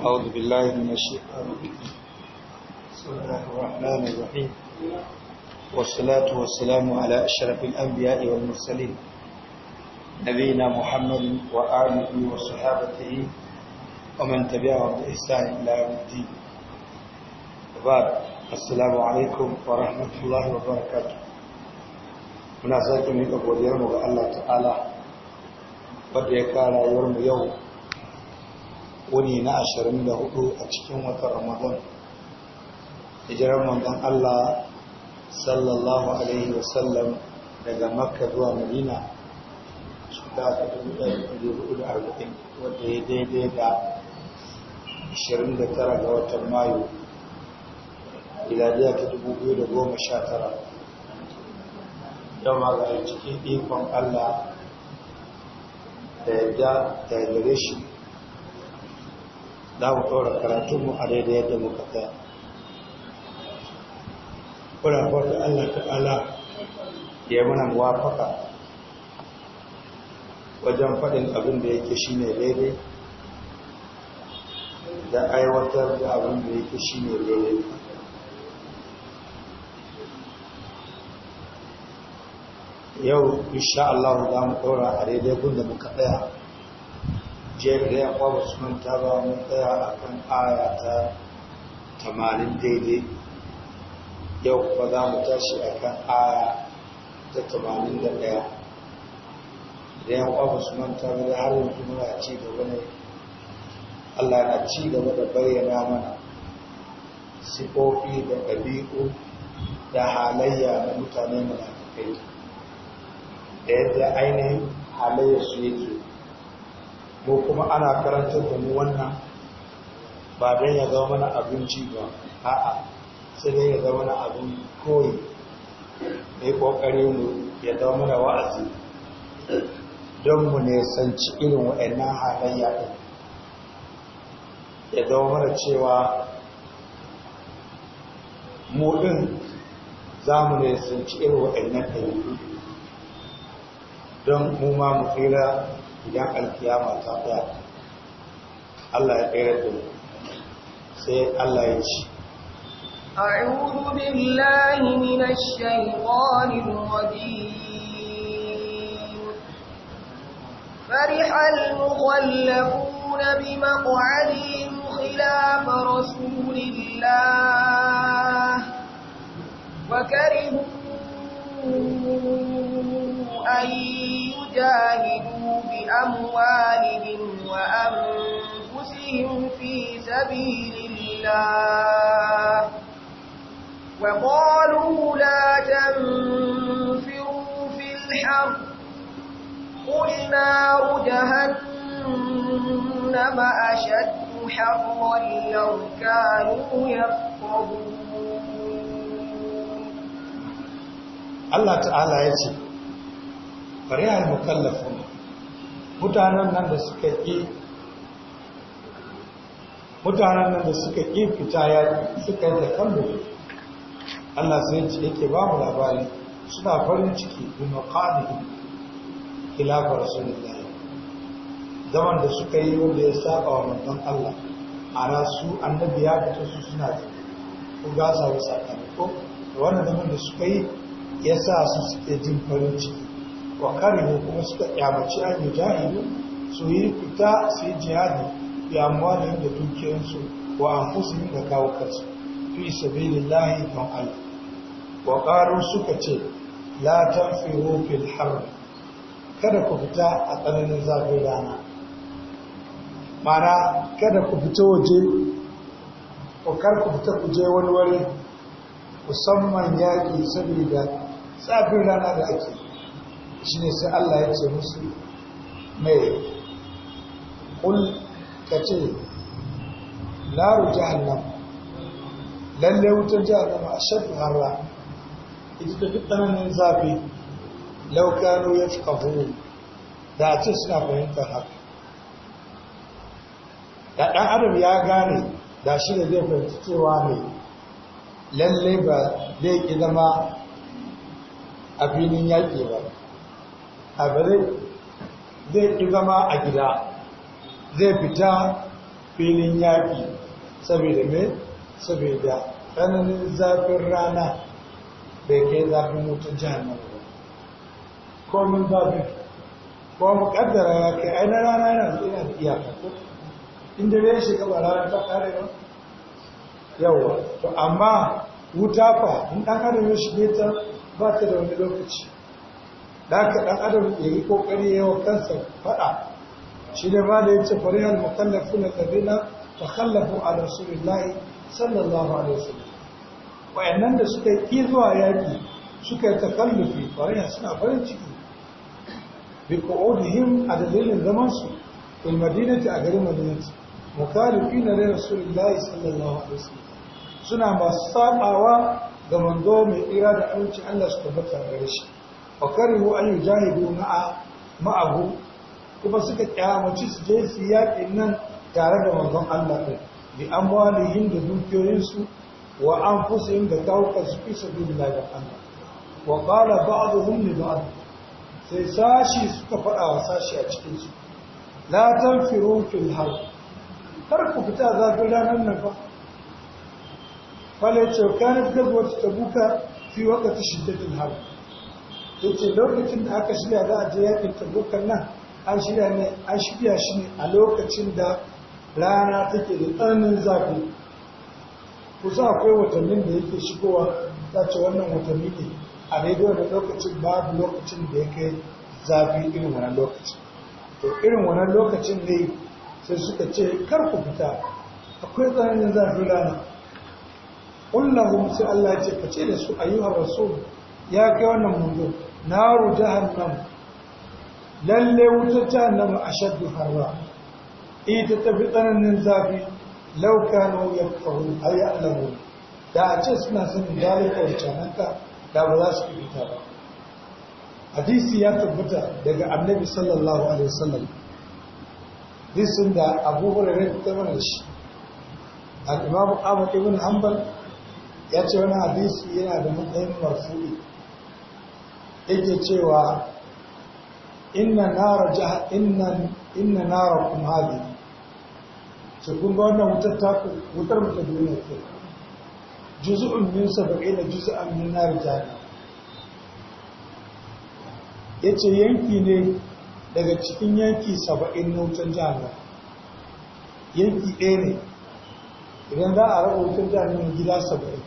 أعوذ بالله من الشيطان بسم الله الرحمن الرحيم والصلاة والسلام على أشرف الأنبياء والمرسلين نبينا محمد وآله وصحابته ومن تبعهم بإحسان إلى يوم الدين وبعد السلام عليكم ورحمة الله وبركاته من sake من أبو اليوم Allah ta'ala wadda ya يوم يوم wani na ashirin da hudu a cikin watan ramadan hijirar manzon Allah sallallahu alaihi wasallam daga makka zuwa madina shekara ta dubu ɗaya dubu da arba'in wadda ya daidai da ashirin da tara ga watan mayu miladiya ta dubu biyu da goma sha tara yau ma ga cikin ikon Allah da yadda da gare shi za mu ɗora karatunmu a daidai yadda muka ta kuna kwata Allah ta'ala ya muna muwafaka wajen faɗin abin da yake shi ne daidai da aiwatar da abin da yake shi ne daidai yau insha'allahu Allah za mu ɗora a daidai gunda muka tsaya jiyar da ya kwaba ta ba mun tsaya a kan aya ta tamanin daidai yau ba za mu tashi a kan aya ta tamanin da ɗaya da ya kwaba ta ba da har yanzu muna ci gaba ne Allah na ci gaba da bayyana mana sifofi da ɗabi'u da halayya na mutane malakai da yadda ainihin halayya su yake ko kuma ana karantar da mu wannan ba dai ya zama mana abinci ba a'a sai dai ya zama mana abin koyi ne kokare mu ya zama mana wa'azi don mu ne sanci irin wa'annan halayya din ya zama mana cewa mu din za mu ne sanci irin wa'annan ɗabi'u don mu ma mu fira idan alkiyama ta tsaya Allah ya tsere da mu sai Allah ya ci أعوذ بالله من الشيطان الرجيم فرح المخلفون بمقعدهم خلاف رسول الله وكرهوا أن جاهدوا بأموالهم وأنفسهم في سبيل الله وقالوا لا تنفروا في الحر قل نار جهنم أشد حرا لو كانوا يفقهون الله تعالى يجب bari al mukallafu mutanen nan da suka ƙi mutanen nan da suka ƙi fita ya suka yi da kallo Allah sai ce yake ba mu labari suna farin ciki bi kilabar khilafa rasulullah zaman da suka yi wanda ya saba wa manzon Allah a rasu annabi ya fito su suna da ko gasa wa sakamako da wannan zaman da suka yi ya sa su suke jin farin ciki wa karihu kuma suka yabaci an jahilu su yi fita su yi jihadi bi amwalin da dukiyarsu wa anfusihim da kawo kansu fi sabilillahi don ala wa suka ce la tanfiru fil kada ku fita a tsananin zafin rana mana kada ku fita waje ko kar ku fita ku je wani musamman yaƙi saboda zafin rana da ake ne sai Allah ya ce musu mai kulkace laru naru jahannam lalle wutar a shafi harra ita ta fi tsananin zafi laukano ya fi da a ce suna fahimtar haka da ɗan adam ya gane da shi da zai fahimci cewa ne lalle ba zai ƙi zama a filin yaƙi ba a zai ɗi zama a gida zai fita filin yaƙi saboda mai saboda tsananin zafin rana bai kai zafin jihar jihannan ba komin zafin ko mu kaddara ya kai aina rana yana ina da iyaka ko inda bai shiga ba rana ta kare ba yawa to amma wuta fa in ɗan adam ya shige ta ba ta da wani lokaci da haka ɗan adam ya yi ƙoƙari ya wa kansa faɗa shi da ba da ya ce farihar makallafu na tsabina ta kallafu a rasulillahi sallallahu alaihi wasallam wayannan da suka yi zuwa yaƙi suka yi takallufi farihar suna farin ciki bi qu'udihim a dalilin zamansu fil madinati a garin madinati mukhalifina li rasulillahi sallallahu alaihi wasallam suna masu sabawa ga manzo mai ira da aminci Allah su tabbata fakarihu an yujahidu ma'a ma'ahu kuma suka kyamaci su je su yaƙin nan tare da manzon Allah ɗin bi amwalihim da dukiyoyinsu wa anfusihim da kauka su fi sabilillahi wa Allah wa qala ba'dhum ne ba'd sai sashi suka faɗa wa sashi a cikin su la tanfiru fil har kar ku fita zafin ranar nan fa falace kanat gazwat tabuka fi waqti shiddatil harb yace lokacin da aka shirya za a je yakin tabukan nan an shirya ne an shirya shi ne a lokacin da rana take da tsananin zafi kusa akwai watannin da yake shigowa za ce wannan watanni ne a daidai da lokacin babu lokacin da ya kai zafi irin wannan lokacin to irin wannan lokacin ne sai suka ce kar ku fita akwai tsananin zafin rana kullahum sai Allah ya ce kace da su ayyuhar rasul ya kai wannan manzo naru jahannam lalle wuta jahannam ashaddu harra ita ta fi tsananin zafi laukano ya faru a yi alamu da a ce suna sanin dalika wuce da ba za su fita ba hadisi ya tabbata daga annabi sallallahu alaihi wasallam hadisin da abu hurairar ta mana shi al'imamu abu ahmad ibn hanbal ya ce wani hadisi yana da matsayin marfu'i yake cewa inna nara jaha inna inna nara kum hadi to kun ga wannan wutar ta ku wutar mu ta duniya ce juz'un min na juz'an min nar jahannam yace yanki ne daga cikin yanki 70 na wutar jahannam yanki ɗaya ne idan za a raba wutar jahannam gida 70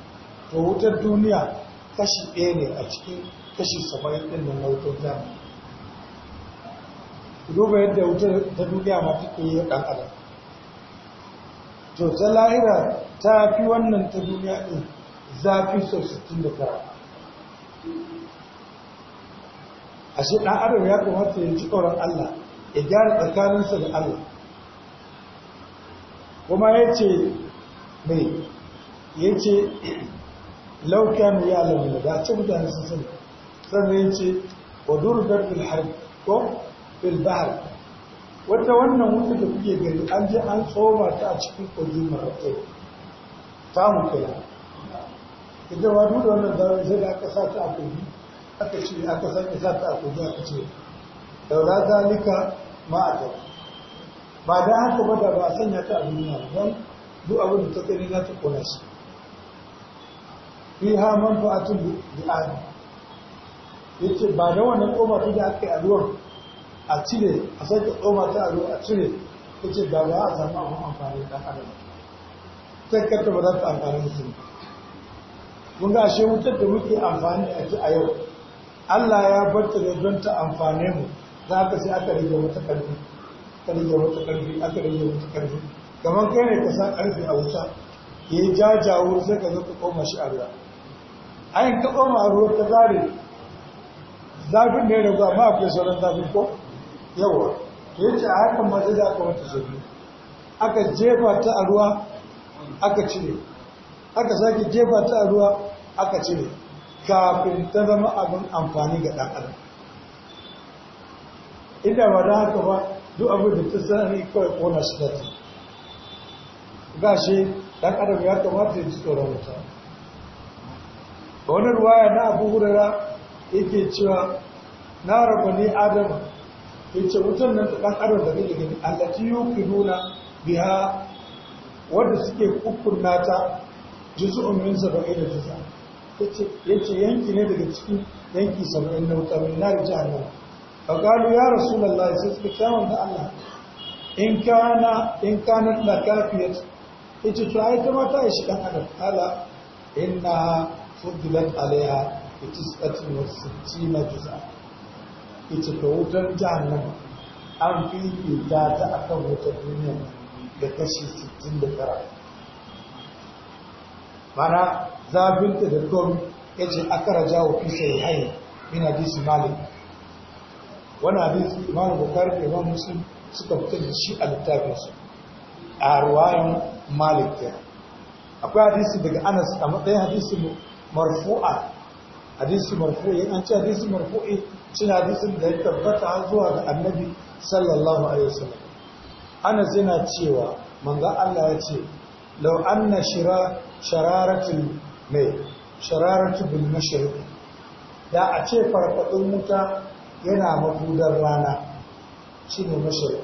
to wutar duniya kashi ɗaya ne a cikin kashi saba'in ɗin na wutar zamani duba yadda wutar ta duniya ma take yi ɗan adam to ta la'ira ta fi wannan ta duniya ɗin zafi sau 69 a shi ɗan adam ya kamata ya ci tsoron Allah ya gyara tsakaninsa da Allah kuma ya ce mai ya ce laukan ya alamu da ci mutane sun sani sannan yin ce wa durbar filhar ko filbahar wata wannan wuta da kuke gari an je an tsoma ta a cikin kogin marakai ta mu kai idan wa duk wannan zarar sai da aka sa ta a kogi aka ce aka sake sa ta a kogi aka ce daura zalika ma a ba da haka ba da ba a sanya ta a duniya don duk abin da ta tsari na ta shi fiha manfa'atun li adam yace ba da wannan koma da aka yi a ruwan a cire a sake koma ta a ruwa a cire yace da ba a samu abin amfani da adam sai ka ba za ta amfani mutum mun ga shi wutar da muke amfani a ci a yau Allah ya barta da don ta amfane mu za ka sai aka rage wata karfi aka rage wata karfi aka rage wata karfi kamar kai ne ka sa karfi a wuta ya yi jajawo sai ka zo ka koma shi a ruwa ayin ka tsoma ruwa ta zare zafin ne raguwa ma akwai sauran zafin ko yawa to ce a hakan ma zai zaka wata zafi aka jefa ta a ruwa aka cire aka sake jefa ta a ruwa aka cire kafin ta zama abin amfani ga ɗan adam inda ba da haka ba duk abin da ta sani kawai kona shi da ta gashi ɗan adam ya kamata ya ji tsoron mutane wani ruwaya na abu hurara yake cewa na rabu ne adama ce mutum nan ta ɗan adam da kake gani allati nuna biya wanda suke kukkunna ta juz'un min sab'in da juz'a Ya ce yanki ne daga cikin yanki sab'in na wuta min nar jahannam a qalu ya rasu lallai sai suka kyawun da Allah in kana in kana kafiyar Ya ce to ai ta mata ya shi ɗan adam ala inna fuddulat alaiha bi tis'atin wa na jisa ita ka wutar jihannan an fifita ta akan wutar duniya da kashi 69 mana zafinta da tom ya ce raja jawo fisa ya haini min hadisi malik wani hadisi imam bukari da imam musul suka fitar da shi a littafinsu a ruwayan malik akwai hadisi daga anas a matsayin hadisi marfu'a hadisi marfu'i yana ce hadisi marfu'i cin hadisin da ya tabbata zuwa ga annabi sallallahu alaihi wasallam ana zina cewa manzo Allah ya ce law anna shira shararatul mai shararatu bil mashriq da a ce farfadin wuta yana mafudar rana shine mashriq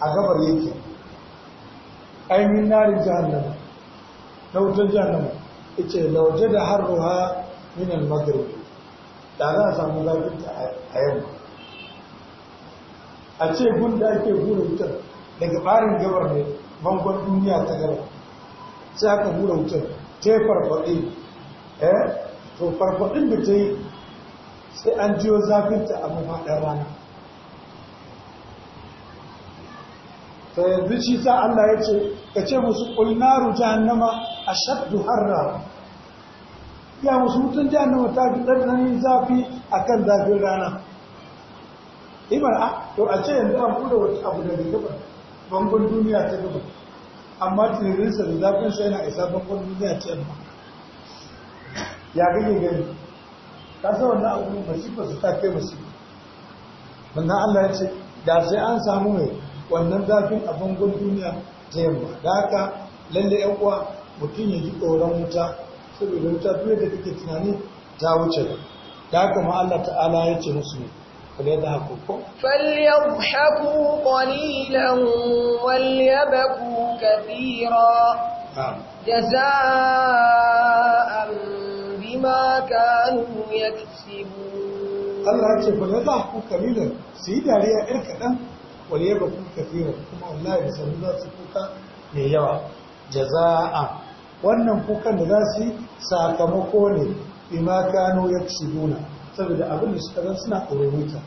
a gabar yake ainihin narin jahannama na wutar jahannama ce lauje da harruha minan maghrib da za a samu zafinta a yau? a ce gunda ake hura wutar daga ɓarin gabar ne bangon duniya ta gaba sai aka hura wutar ta yi eh? to farfaɗin da ta yi sai an jiyo zafinta a mafaɗin rana to yanzu shi sa Allah ya ce ka ce musu ƙulnaru jahannama a shaddu harra ya musu mutum jahannama ta fi ɗanɗanin zafi a kan zafin rana imar a ah, to a ce yanzu an buɗe wata abu daga gaba bangon duniya ta gaba amma tunaninsa da zafin sa yana isa bangon duniya ta yamma ya gage gani ka san wannan abu masifa su ta kai masifa wannan Allah ya ce da sai an samu mai wannan zafin a bangon duniya ta yamma da haka lalle yan uwa mutum ya ji tsoron wuta saboda wuta duk da kake tunani ta wuce da haka ma Allah ta'ala ya ce musu ne فليضحكوا فليضحكوا قليلا وليبكوا كثيرا نعم جزاء بما كانوا يكسبون الله يكسب فليضحكوا dariya wani yaba kun kafira kuma wallahi da sanu za su kuka mai yawa jaza'a wannan kukan da za su yi sakamako ne bima kano ya nuna saboda abin da suka zan suna ƙororita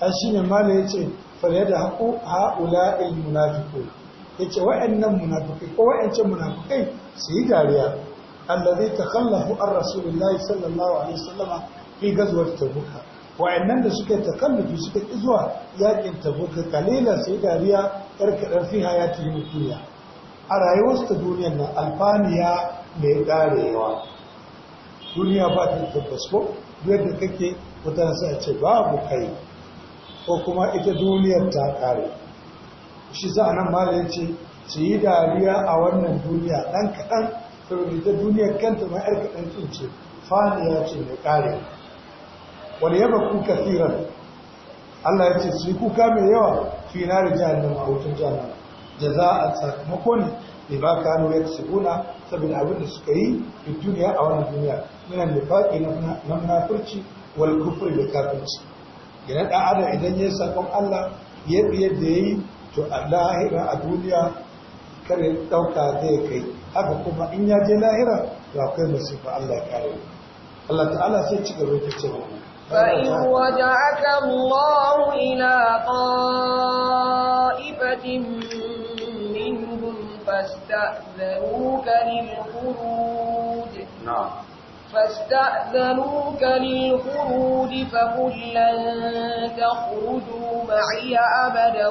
an shi ne mala ya ce falle da haƙo ha'ula il munafiko ya ce ko wa'ancan munafukai su yi dariya allazi ta kallafu an rasulullahi sallallahu alaihi wasallama fi gazuwar tabuka wa'annan da suka takallafi suka ƙi zuwa yakin tabuka kalilan sai dariya yar kaɗan fi hayati duniya a rayuwarsu ta duniyar nan alfaniya mai ƙarewa duniya ba ta tabbas ko yadda kake wata nasa a ce babu kai ko kuma ita duniyar ta ƙare shi za a nan mara ce su yi dariya a wannan duniya ɗan kaɗan saboda ita duniyar kanta ma 'yar kaɗan ce faniya ce mai ƙarewa wani yaba ku kasiran Allah ya ce su yi kuka mai yawa fi na da jahannama a wutar Da jaza a sakamako ne ba ka hannu ya ci gona saboda abin da suka yi da duniya a wannan duniya da faɗi na munafurci wal kufri da kafirci yana ɗan adam idan ya sakon Allah ya biye da ya yi to Allah ya a duniya kare ɗauka zai kai haka kuma in ya je lahira to akwai masifa Allah ya kare Allah ta'ala sai ci gaba ta ce فإن رجعك الله إلى طائفة منهم فاستأذنوك للخروج نعم فاستأذنوك للخروج فقل لن تخرجوا معي أبدا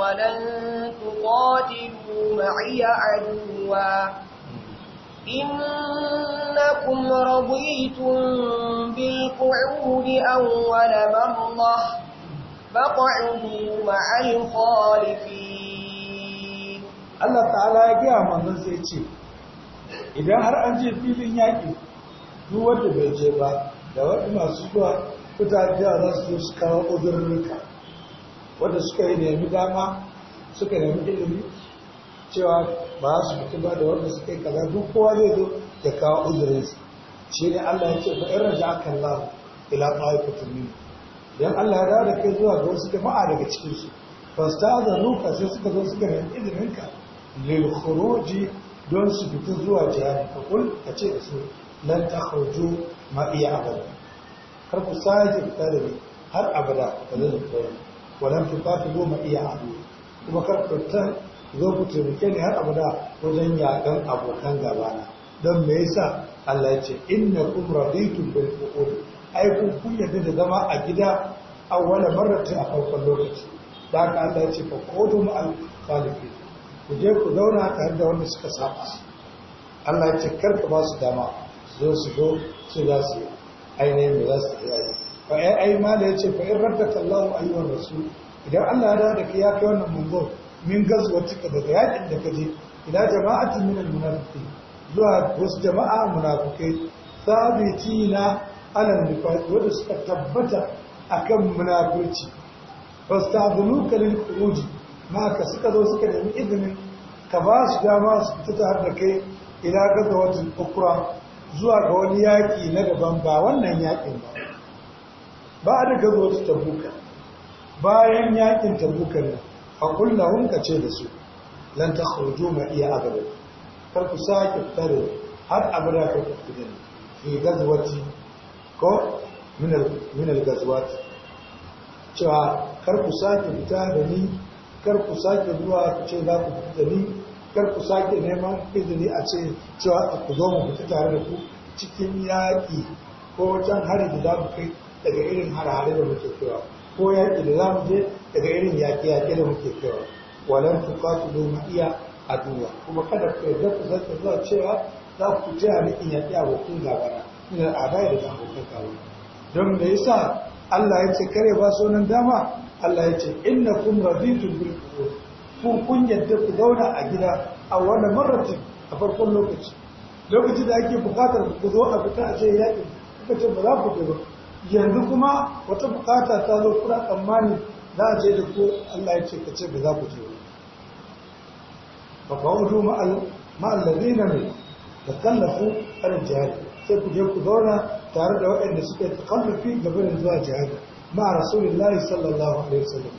ولن تقاتلوا معي عدوا إنكم رضيتم بالقعود أول مرة فقعدوا مع الخالفين الله تعالى يا من zai ce idan har an je filin yaƙi duk wanda bai je ba da waɗanda masu zuwa mutane da za su su kawo uzurruka wanda suka yi nemi dama suka nemi ilimi cewa ba su ba da wanda suka yi kaza duk kowa zai zo da kawo uzurinsa shi ne Allah ya ce fa in raja aka Allah ila ta'ifatu min dan Allah ya dawo da kai zuwa ga wasu jama'a daga cikin su fa sta'adhanu ka sai suka zo suka nemi izinin ka lil khuruji don su fita zuwa jihar fa kul ce da su lan takhruju ma iya abada kar ku sake fita da ni har abada ba zan fita ba walan tuqatilu ma iya abada kuma kar ku ta zo ku taimake ni har abada wajen yakan abokan gabana don me yasa Allah ya ce innakum raditum bil qu'ud ai ku kun yadda da zama a gida awwala marrati a farkon lokaci da haka Allah ya ce fa qudum al khalifin ku je ku zauna tare da wanda suka saba Allah ya ce kar ka ba su dama zo su zo su za su ainihin da za su yi fa ai ai ma da ya ce fa in rabbaka Allahu ayyuhar rasul idan Allah ya da ka ya kai wannan mungon min cika daga yakin da kaje ila jama'atin min almunafiqin zuwa wasu jama'a munafikai sabitina ala nifaq wanda suka tabbata akan munafurci fastabunuka kalil khuruj ma ka suka zo suka nemi izinin ka ba su dama su fita tare da kai ila gazawatin ukra zuwa ga wani yaki na daban ba wannan yakin ba ba da gazawatin tabuka bayan yakin tabuka ne faƙul lahum ka ce da su lan ta khuruju ma iya abada kar ku sake tare har abada ka ku da fi gazwati ko min al min al gazwat cewa kar ku sake fita da ni kar ku sake zuwa ku ce za ku fita da ni kar ku sake neman izini a ce cewa ku zo mu fita tare da ku cikin yaƙi ko wajen hari da za ku kai daga irin hare-hare da muke kewa ko yaƙi da za mu je daga irin yaƙi-yaƙi da muke kewa walan tukatu domin iya aduwa kuma kada ku yarda ku zata zuwa cewa za ku je a nikin yaƙi abokin gabana min al'adai da abokin gabana don da yasa Allah ya ce kare ba sunan dama Allah ya ce innakum raditu bil qur'an ku kun yarda ku zauna a gida a wannan maratin a farkon lokaci Lokacin da ake bukatar ku zo a fita a ce yaƙi kuka ce ba za ku je ba yanzu kuma wata bukata ta zo kuna tsammani za a je da ku Allah ya ce ka ce ba za ku je ba fa'udu na ne da kallafu arin jihadi sai ku je ku zauna tare da waɗanda suke yi takallafi gaba da zuwa jihadi ma'a rasulullahi sallallahu alaihi wasallam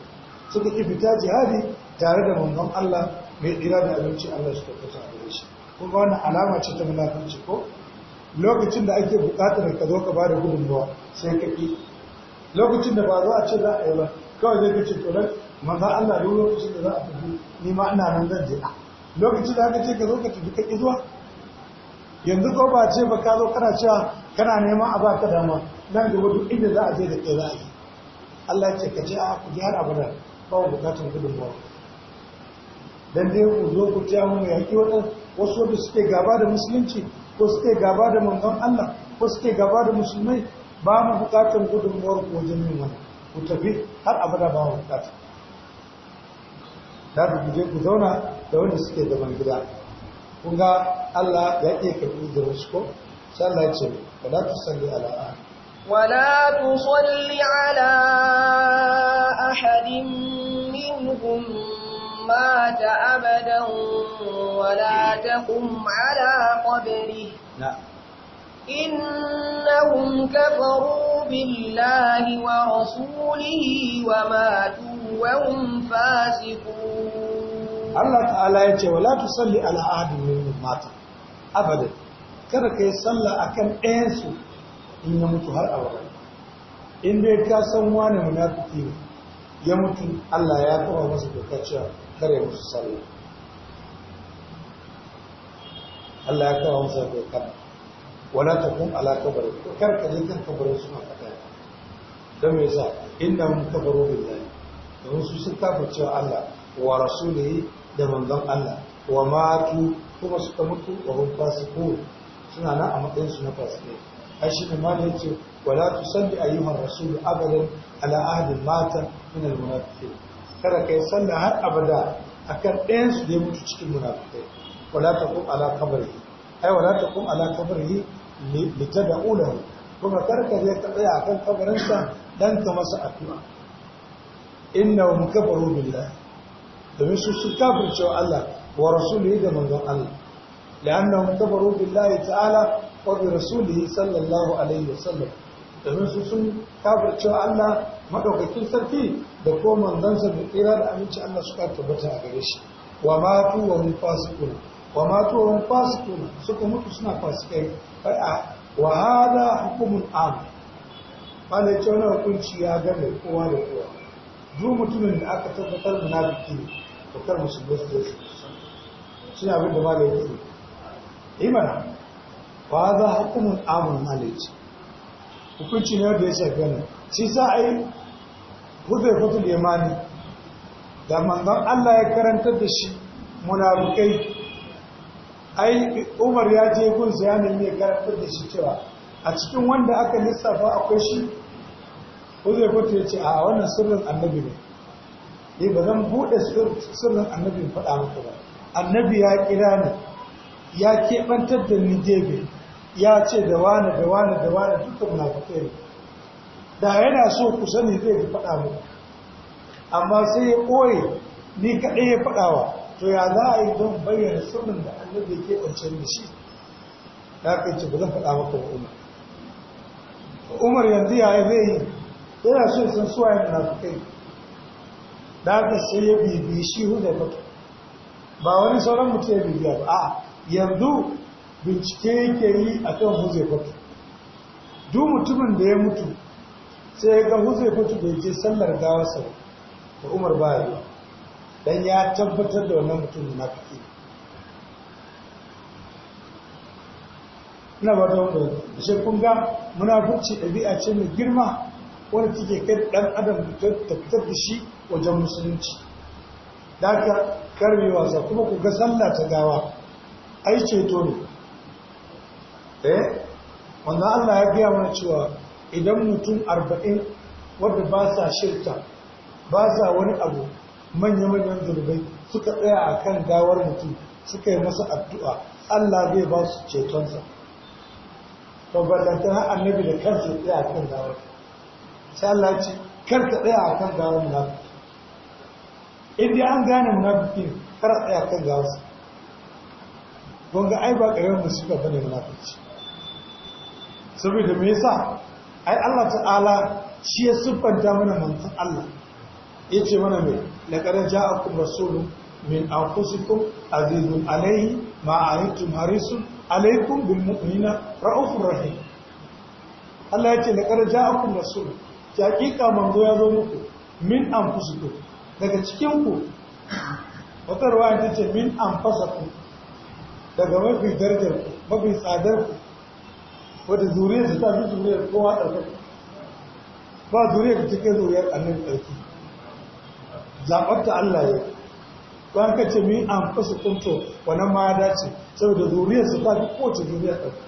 suka ki fita jihadi tare da manzon Allah mai ɗira da abinci Allah shi tabbata a gare shi kuma wannan alama ce ta munafurci ko lokacin da ake buƙatar ka zo ka ba da gudunmawa sai ka ƙi lokacin da ba zo a ce za a yi ba kawai zai kace to nan manzo Allah yau lokacin da za a tafi ni ma ina nan zan je a lokacin da aka ce ka zo ka tafi ka ƙi zuwa yanzu ko ba ce ba ka zo kana cewa kana neman a baka dama nan gaba duk inda za a je da kai za a yi Allah ce ka je a ku ji har abada ba mu buƙatar gudunmawa dan dai ku zo ku ta mu yaƙi waɗansu wasu da suke gaba da musulunci ko suke gaba da manzon Allah ko suke gaba da musulmai ba mu bukatar gudunmuwar ku wajen yin wani ku tafi har abada ba mu bukatar da ku je ku zauna da wanda suke zaman gida kun ga Allah ya iya karɓi da wasu ko sai Allah ya ce ba Wala ku salli ala ahad ولا مات أبدا ولا تقم على قبره نعم إنهم كفروا بالله ورسوله وماتوا وهم فاسقون الله تعالى يقول ولا تصلي على أحد منهم مات أبدا kada ka yi sallah a kan ɗayansu in mutu har in dai ka san wani munafiki ya mutu Allah ya kawo masa dokar cewa Kar kare musu sallah Allah ya kawo musu da kan wala takum ala kabari ko kar ka je kan kabarin su ma kada dan me yasa innahum kabaru billahi don su sun kafirce Allah wa rasulihi da manzon Allah wa matu kuma suka mutu wa hum fasiqun suna nan a matsayin su na fasiqai ai shi ne malai yace wala tusalli ayyuhar rasul abadan ala ahadin mata min al-munafiqin kada ka yi sallah har abada a kan ɗayansu ne mutu cikin munafikai wala taqum ala qabri ai wala taqum ala qabri li tad'ulahu kuma karka je ka tsaya akan kabarin sa dan ka masa addu'a innahum kafaru billahi domin su su kafirce wa Allah wa rasulihi da manzon Allah la'annahum kafaru billahi ta'ala wa bi rasulihi sallallahu alaihi wa sallam. domin su sun kafircewa Allah maɗaukakin sarki da ko manzansa da tsira da aminci Allah suka tabbata a gare shi wa matu wa hum fasikun wa matu wa hum fasikun suka mutu suna fasikai wa hada hukumun am bane ce wani hukunci ya gane kowa da kowa duk mutumin da aka tabbatar munafiki ne to kar musulmi su je shi suna bin da malai yake yi mana wa hada hukumun Amun malai ce hukunci ne wanda ya shafi wannan shi sa a yi ya hudu limani da manzan Allah ya karantar da shi munafukai ai Umar ya je gun ya ne ya da shi cewa a cikin wanda aka lissafa akwai shi ya hudu ya ce a wannan sirrin annabi ne ne ba zan buɗe sirrin Annabi faɗa maka ba annabi ya kira ni ya keɓantar da ni gefe ya ce da wani da wani da wani duka munafukai ne da yana so ku sani zai fi faɗa mu amma sai ya ɓoye ni kaɗai ya faɗawa to ya za a yi don bayyana sirrin da annabi ke kwanciyar da shi ya kai ce ba zan faɗa maka wa umar umar yanzu ya yi zai yi yana so san suwa yin munafukai da haka sai ya bibi shi huzar ba wani sauran mutum ya bibiya ba a yanzu bincike yake yi a kan huzaifatu duk mutumin da ya mutu sai ya ga huzaifatu da yake sallar gawarsa da umar baya dan ya tabbatar da wannan mutumin na fi ina ba ta wanda shi kun ga munafurci ɗabi'a ce mai girma wanda take kai ɗan adam ta fitar da shi wajen musulunci da aka karbe wasa kuma ku ga sallah ta gawa ai ceto ne eh wanda Allah ya gaya mana cewa idan mutum arba'in wadda ba sa shirta, ba sa wani abu manya-manyan zurbai suka tsaya a kan gawar mutum suka yi masa addu'a Allah zai ba su cetonsa babbalanta har annabi da kansa tsaya a kan gawar sai Allah ce karka tsaya a kan gawar munafiki inda an gane munafiki kar a tsaya a kan gawarsa gonga ai ba ƙarar musu ba ne munafiki saboda me yasa ai Allah ta'ala shi ya siffanta mana manzan Allah Ya ce mana me laqad ja'akum rasulun min a azizun alaihi ma a antum harisun alaykum bil mu'minina ra'ufin rahim Allah ya yace laqad ja'akum rasulun ƙiƙa manzo ya zo muku min an anfusikum daga cikinku wata ruwa ruwaya ce min ku, daga mafi darajar ku mafi tsadar ku wadda zuriyarsa ta fi zuriya kowa ɗaukaka ba zuriya zuriyar cikin zuriyar annabi ɗauki zaɓarta Allah ya ba ka ce mi an fasa kunto wani ma ya dace saboda zuriyarsa ta fi kowace zuriyar ɗauka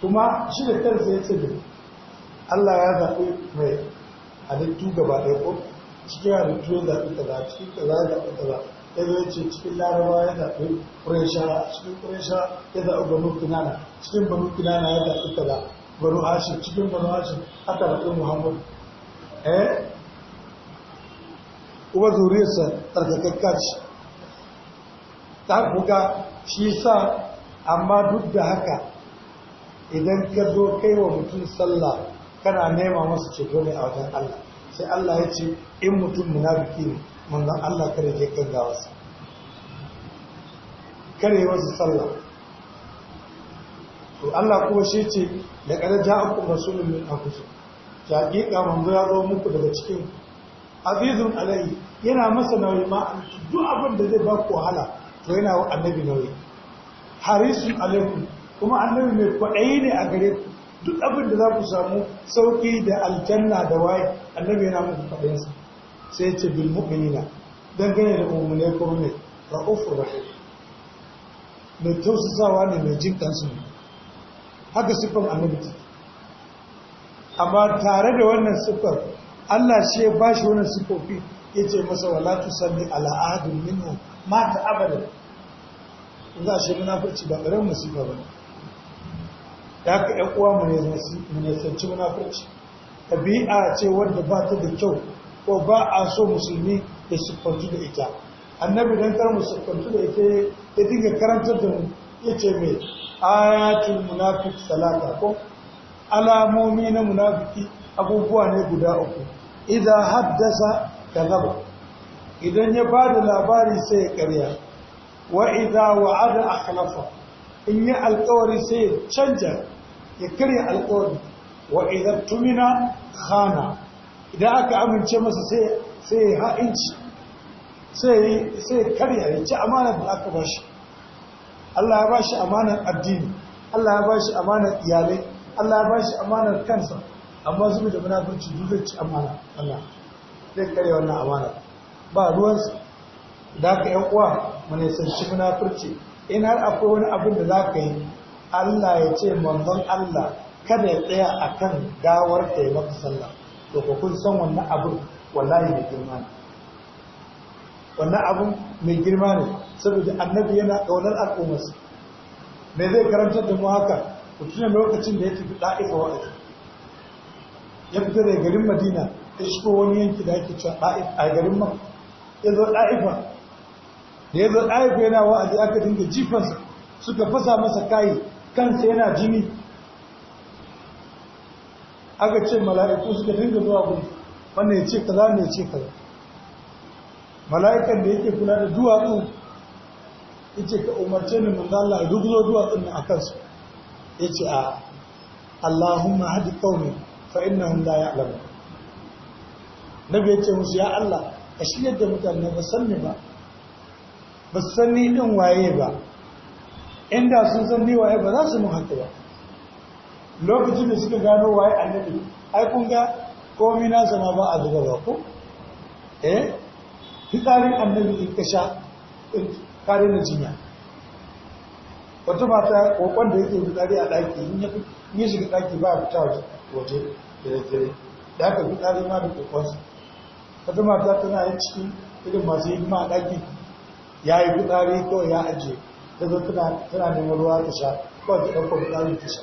kuma shi da kansa ya ce da Allah ya zaɓi mai halittu gaba ɗaya ko cikin halittu ya zaɓi kaza cikin kaza ya zaɓi kaza ya ce cikin laraba ya zafi Kuresha, cikin Kuresha ya zafi banu kinana cikin banu kinana ya zafi kaza banu hashim cikin banu hashim aka zafi muhammad eh kuma zuriyarsa tsarkakakka ce ta buga shi sa amma duk da haka idan ka zo kai wa mutum sallah kana nema masa ceto ne a wajen Allah sai Allah ya ce in mutum munafiki ne manzon Allah kare je kan gawarsa kare wasu sallah to Allah kuma shi ce da kada ja'akum rasulun min anfusikum a hakika manzo ya zo muku daga cikin azizun alai yana masa nauyi ma duk abin da zai ba ku wahala to yana wa annabi nauyi harisun alaikum kuma annabi mai kwaɗayi ne a gare ku duk abin da za ku samu sauƙi da aljanna da waye annabi yana muku kwaɗayinsa sai ce bil mu'minina dangane da mu'mine ko ne ra'ufur rahim mai tausasawa ne mai jin kansu haka sifan annabi amma tare da wannan siffar Allah shi ya bashi wannan siffofi yace masa wala tusalli ala ahadin minhum mata abada za shi furci ba ƙarar musifa ba da ka ƴan uwa mu ne muna furci ɗabi'a ce wanda ba ta da kyau ko ba a so musulmi ya siffantu da ita annabi dan kar mu siffantu da ita ya dinga karantar da ya ce mai ayatul munafik salata ko alamomi na munafiki abubuwa ne guda uku idan haddasa kazaba idan ya ba da labari sai ya karya wa idan wa'ada akhlafa in yi alkawari sai ya canja ya karya alkawari wa idan tumina khana idan aka amince masa sai ya ha'inci sai karya ya ci amanar da aka ba shi Allah ya ba shi amanar addini Allah ya ba shi amanar iyalai Allah ya ba shi amanar kansa amma zubi da munafurci duk zai ci amana Allah zai karya wannan amanar ba ruwansa da aka yan uwa mune san shi munafurci in har akwai wani abin da za ka yi Allah ya ce manzon Allah kada ya tsaya akan gawar ta yi maka sallah to ko kun san wannan abin wallahi mai girma ne wannan abin mai girma ne saboda annabi yana ƙaunar al'ummarsa me zai karantar da mu haka ku tuna lokacin da ya tafi ɗa'ifa wa'azi ya fita daga garin madina ya shigo wani yanki da ake cewa a garin man ya zo ɗa'ifa da ya zo ɗa'ifa yana wa'azi aka dinga jifansa suka fasa masa kayi kansa yana jini aka ce mala'iku suka dinga zuwa gudu wannan ya ce kaza ne ya ce kaza mala'ikan da yake kula da duwatsu ya ce ka umarce ni mun Allah duk zo duwatsun na akan su ya ce a Allahumma hadi qaumi fa innahum la ya'lamu nabi ya ce musu ya Allah a shi yadda mutane ba san ni ba ba san ni din waye ba inda sun san ni waye ba za su mun haka ba lokacin da suka gano waye annabi ai kun ga komai na zama ba a zuba ba ko eh fitarin annabi in ka sha kare na jinya wata mata kokon da yake fitari a ɗaki in ya shiga ɗaki ba a fita waje da dare da aka fitari ma da kokonsa wata mata tana yin cikin irin masu ma a daki ya yi fitari kawai ya ajiye ta zo tana neman ruwa ta sha kawai ta ɗauko fitari ta sha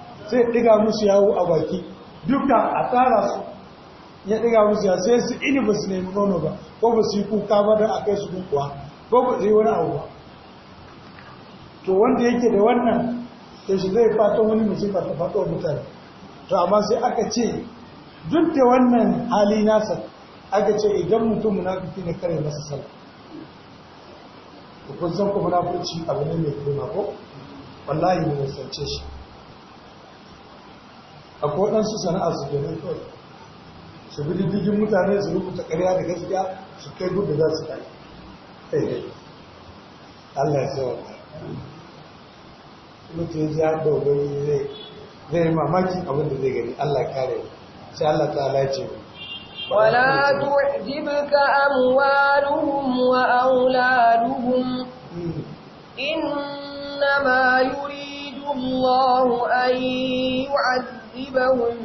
sai ɗiga musu yawo a baki duka a tsara su ya ɗiga musu ya sai su ini ba su nemi nono ba ko ba su yi kuka ba don a kai su kukuwa ko ba su yi wani abu ba to wanda yake da wannan da shi zai fata wani musifa ta fata mutane to amma sai aka ce duk da wannan hali nasa aka ce idan mutum munafiki ne kare masa sallah kun san ku munafurci abu ne mai girma ko wallahi mun sance shi a kodansu sana'a su ke nan kawai su bi diddigin mutane su rubuta karya da gaskiya su kai gudu za su kai eh, Allah ya sauwa mutu ya ji haɗa wani zai mamaki abinda zai gani Allah kare sai Allah ta halace mu ولا تعجبك أموالهم وأولادهم إنما يريد الله أن يعذبهم تُعَذِّبَهُمْ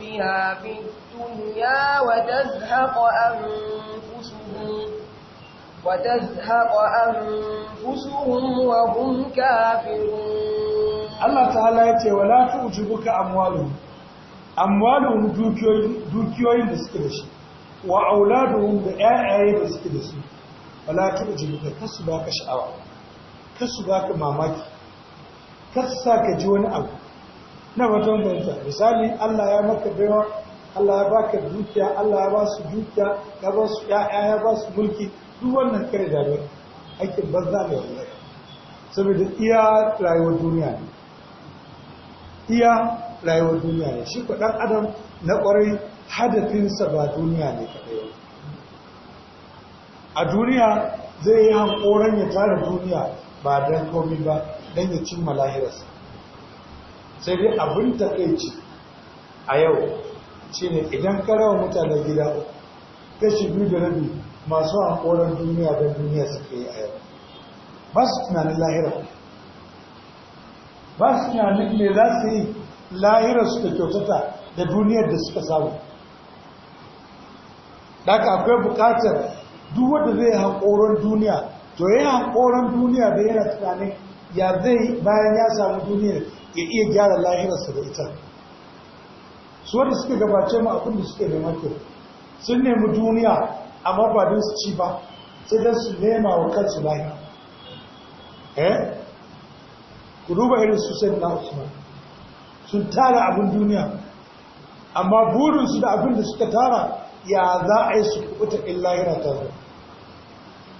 بِهَا فِي الدُّنْيَا وَتَزْهَقَ أَنفُسُهُمْ وَتَزْهَقَ أَنفُسُهُمْ وَهُمْ كَافِرُونَ الله تعالى yace wala tu'jibuka amwaluhum amwaluhum dukiyoyin dukiyoyin wa auladuhum da ayyayen da suke da su wala tu'jibuka kasu baka sha'awa kasu baka mamaki kasu saka ji wani abu na fatan banta misali Allah ya maka baiwa Allah ya baka dukiya Allah ya ba su dukiya ya ba su ya'ya ya ba su mulki duk wannan kare da ne ake banza da saboda iya rayuwar duniya ne iya rayuwar duniya ne shi ɗan adam na ƙwarai hadafinsa ba duniya ne kaɗai a duniya zai yi hankoran ya tara duniya ba don komi ba don ya cimma lahirarsa sai dai abin takaici a yau shine idan karawa mutane gida kashi biyu da rabi masu hankoron duniya don duniya suka yi a yau ba su tunanin lahira ba su tunanin me za su yi lahira su kyautata da duniyar da suka samu daga akwai bukatar duk wanda zai hankoron duniya to ya hankoron duniya da yana tunanin ya zai bayan ya samu duniyar ya iya gyara lahirarsa da ita su wanda suka gabace ma abin da suke nema kyau sun nemi duniya amma ba su ci ba sai don su nema wa kansu lahira eh ku duba irin su sai na usman sun tara abin duniya amma burinsu da abin da suka tara ya za a yi su kubuta in lahira ta zo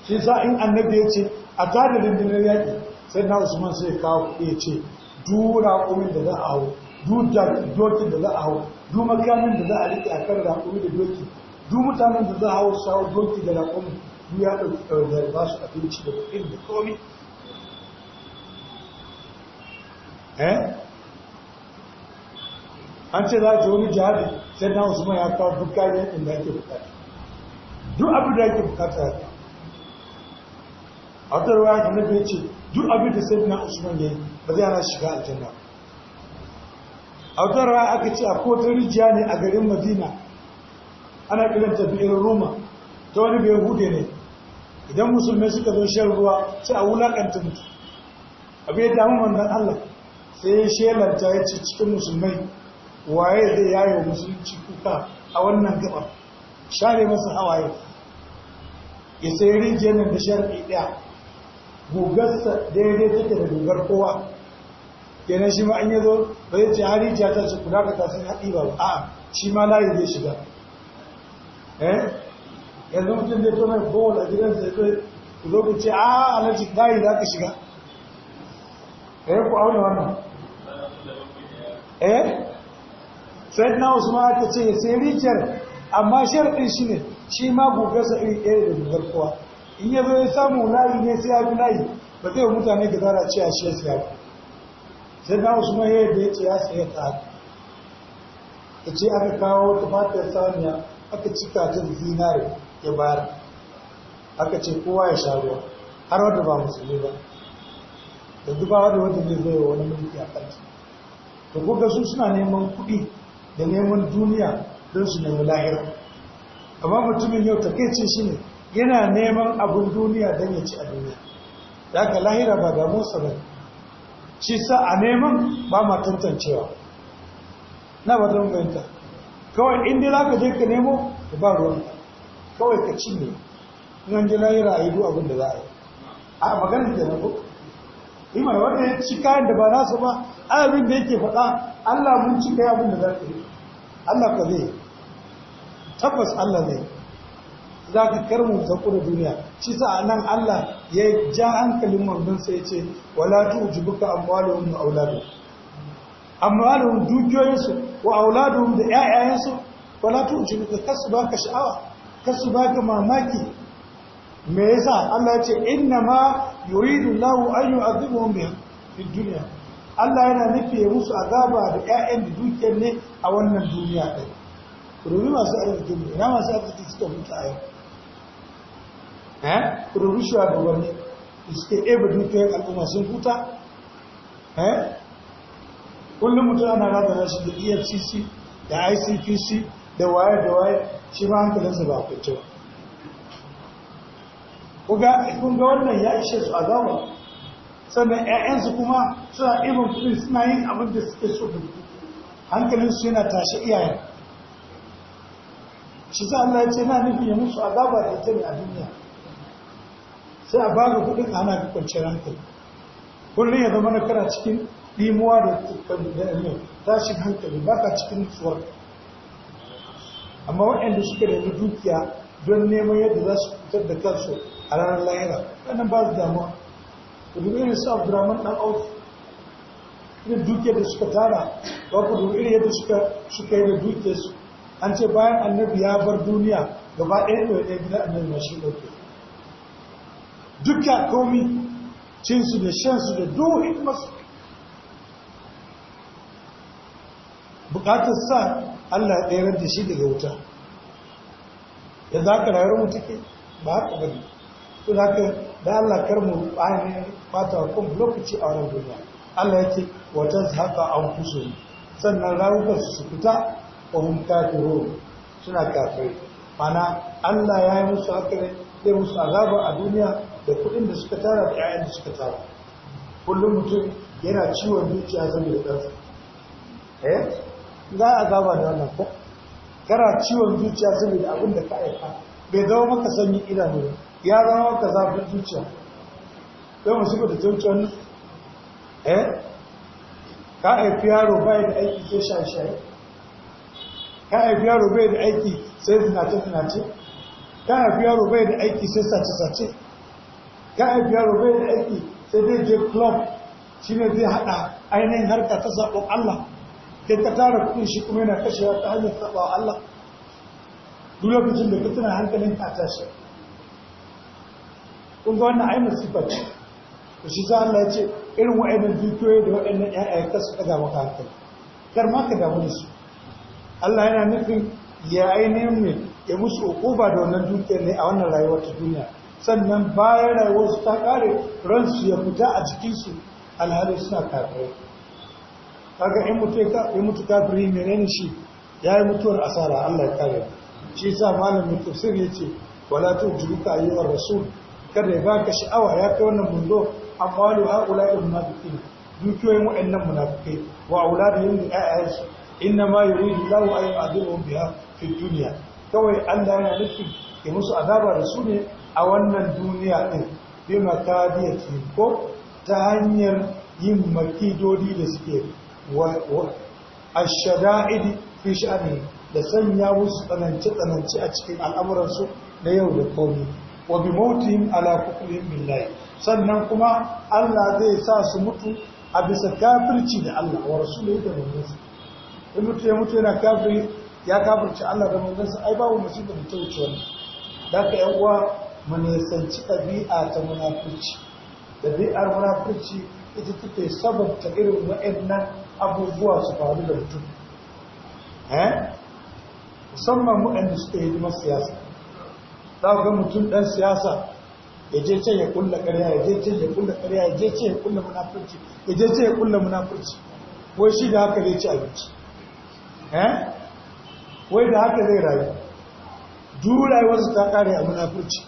shi sa in annabi ya ce a tada rundunar yaƙi sai na usman sai kawo ya ce duk raƙumin da za a hau duk doki da za a hau duk makamin da za a rike a kan raƙumi da doki duk mutanen da za a hau su doki da raƙumi duk ya ɗauki ɗaukar ba su abinci da kuɗin da komi eh? an ce za a ce wani jihadi sai na usman ya kawo duka kayan inda ake bukata duk abin da ake bukata ya kawo a waya, ruwa kamar ya ce duk abin da sai na usman ya yi ba zai hana shiga aljanna a wata ruwa aka ce a kotun rijiya ne a garin madina ana kiranta biyar roma ta wani bai hude ne idan musulmai suka zo shan ruwa sai a wulakanta mutu abin ya damu manzan allah sai ya shelanta ya ce cikin musulmai waye zai yayo musulunci kuka a wannan gaba share masa hawaye ya sai rijiyar da sharfi ɗaya gugarsa daidai take da dogar kowa kenan shi ma yi zo ba zai ce ce ah, ta ce kuna ta sun haɗi ba a shi ma layi zai shiga eh yanzu mutum zai tona bowl a gidan zai zai ku zo ku ce a ah, alaji layi za ka shiga eh ku auna wannan eh sai na usman aka ce sai rijiyar amma sharɗin shi ne shi ma gugarsa iri ɗaya da dogar kowa in ya zo ya samu layi ne sai ya layi ba zai mutane da zara ce a shi ya ba sai na wasu mai yadda ya ce ya siya ta haka ce aka kawo ya saniya aka cika ta zinare ya bayar aka ce kowa ya sha ruwa har wanda ba musulmi ba da duba wanda wanda ne zai wani mulki a kanki to kuka su suna neman kuɗi da neman duniya don su nemi lahira amma mutumin yau takaice shi ne yana neman abin duniya don ya ci a duniya da aka lahira ba musa ba shi sa a neman ba ma tantancewa na ba don bayanta kawai inda za ka je ka nemo da ba ruwan kawai ka cinye nan ji lahira a yi duk abin da za a yi a maganin da na yi imai wanda ya ci kayan da ba nasu ba abin da yake faɗa Allah mun ci kayan abin da za ka yi Allah ka zai tabbas Allah zai za ka karmu ta kura duniya shi sa nan Allah ya ja hankalin wannan sai ya ce wala tu'jibuka amwaluhum wa auladu amwalin dukiyoyinsu wa auladun da ƴaƴayensu wala tu'jibuka kasu baka sha'awa kasu baka mamaki me yasa Allah ya ce inna ma yuridu Allahu an yu'adhibahum biha fid dunya Allah yana nufi ya musu azaba da ƴaƴan da dukiyar ne a wannan duniya ɗin. Rumi masu arziki ina masu arziki suka mutu a yau. Eh? ruru shugabanni da suke duka ya al'umma sun huta eh? kullum mutum ana rada shi da efcc da icpc da waye da waye shi ma hankalinsa ba kwanci ba kuga kun ga wannan ya ishe su a azaba sannan 'ya'yansu kuma suna ibin kuɗin suna yin abin da suke so da hankalinsu yana tashe iyayen shi za Allah ya ce na nufi ya musu azaba da ita ne a duniya sai a bada kudin ana ka kwanci hankali kullum ya zama na kana cikin dimuwa da tashin hankali ba ka cikin tsuwar amma waɗanda suka da dukiya don neman yadda za su fitar da kansu a ranar lahira wannan ba su damuwa ku dubi irin su abdurrahman ɗan auf irin dukiya da suka tara ba ku dubi irin yadda suka yi da dukiya su an ce bayan annabi ya bar duniya gaba ɗaya ɗaya ɗaya gidan annabi na shi ɗauke duka komi cinsu da shansu da dohin masu bukatar sa Allah ɗaya da shi daga wuta ya za ka rayuwar mu take ba haka ba ne to za haka da Allah kar mu ainihin fata kuma lokaci a wannan duniya Allah ya ce wata zaɓa an kuso sannan rayuwar su fita wa hun kafiro suna kafirai mana Allah ya yi musu haka ne zai musu azaba a duniya da kudin da suka tara da 'ya'yan da suka tara kullum mutum yana ciwon zuciya saboda ɗansa eh za a gaba da wannan ko kana ciwon zuciya saboda abin da ka aika bai zama maka sanyi idanu ba ya zama maka zafin zuciya don musu da zuciyar eh ka haifi yaro bai da aiki sai shaye-shaye ka haifi yaro bai da aiki sai zinace-zinace ka haifi yaro bai da aiki sai sace-sace ga'a haifi yaro bai da aiki sai dai je club shi ne zai haɗa ainihin harka ta saɓon Allah da ka tara kudin shi kuma yana kashewa ta hanyar saɓa Allah duk lokacin da ka hankalin ta tashi kun ga wannan ai masifa ce shi sa Allah ya ce irin wa'annan dukiyoyi da wa'annan yaya ka su ɗaga maka hankali kar ma ka damu da su Allah yana nufin ya ainihin ne ya musu ba da wannan dukiyar ne a wannan rayuwar ta duniya sannan bayan rayuwarsu ta kare ransu ya fita a jikinsu. alhalin suna kafirai kaga in mutu kafiri menene shi ya yi mutuwar asara Allah ya kare shi sa malamin tafsir ya ce wala ta juruka wa rasul kada ya baka sha'awa ya kai wannan munzo a qalu haula munafiqin dukiyoyin wa'annan munafikai wa auladihim da ayyasu inna ma yuridu Allahu an yu'adhibahum biya fi duniya kawai Allah yana nufin ya musu azaba da su ne a wannan duniya ɗin bi makadiya ce ko ta hanyar yin makidodi da suke a shada'idi fi sha'ani da sanya musu tsananci-tsananci a cikin al'amuransu na yau da komi wa bi mautin ala kukulin billahi sannan kuma Allah zai sa su mutu a bisa kafirci da Allah wa rasulu da mamansu in mutu ya mutu yana kafiri ya kafirci Allah da mamansu ai babu masu da ta wuce da ka yan uwa manisanci nisanci ɗabi'a ta munafurci ɗabi'ar munafurci ita take sababta irin wa'annan abubuwa su faru da mutum eh? musamman waɗanda da suke hidimar siyasa za ga mutum ɗan siyasa ya je ce ya kulla ƙarya ya je ce ya kulla ƙarya ya je ce ya kulla munafurci ya je ce ya kulla munafurci wai shi da haka zai ci abinci eh? wai da haka zai rayu duk rayuwarsa ta ƙare a munafurci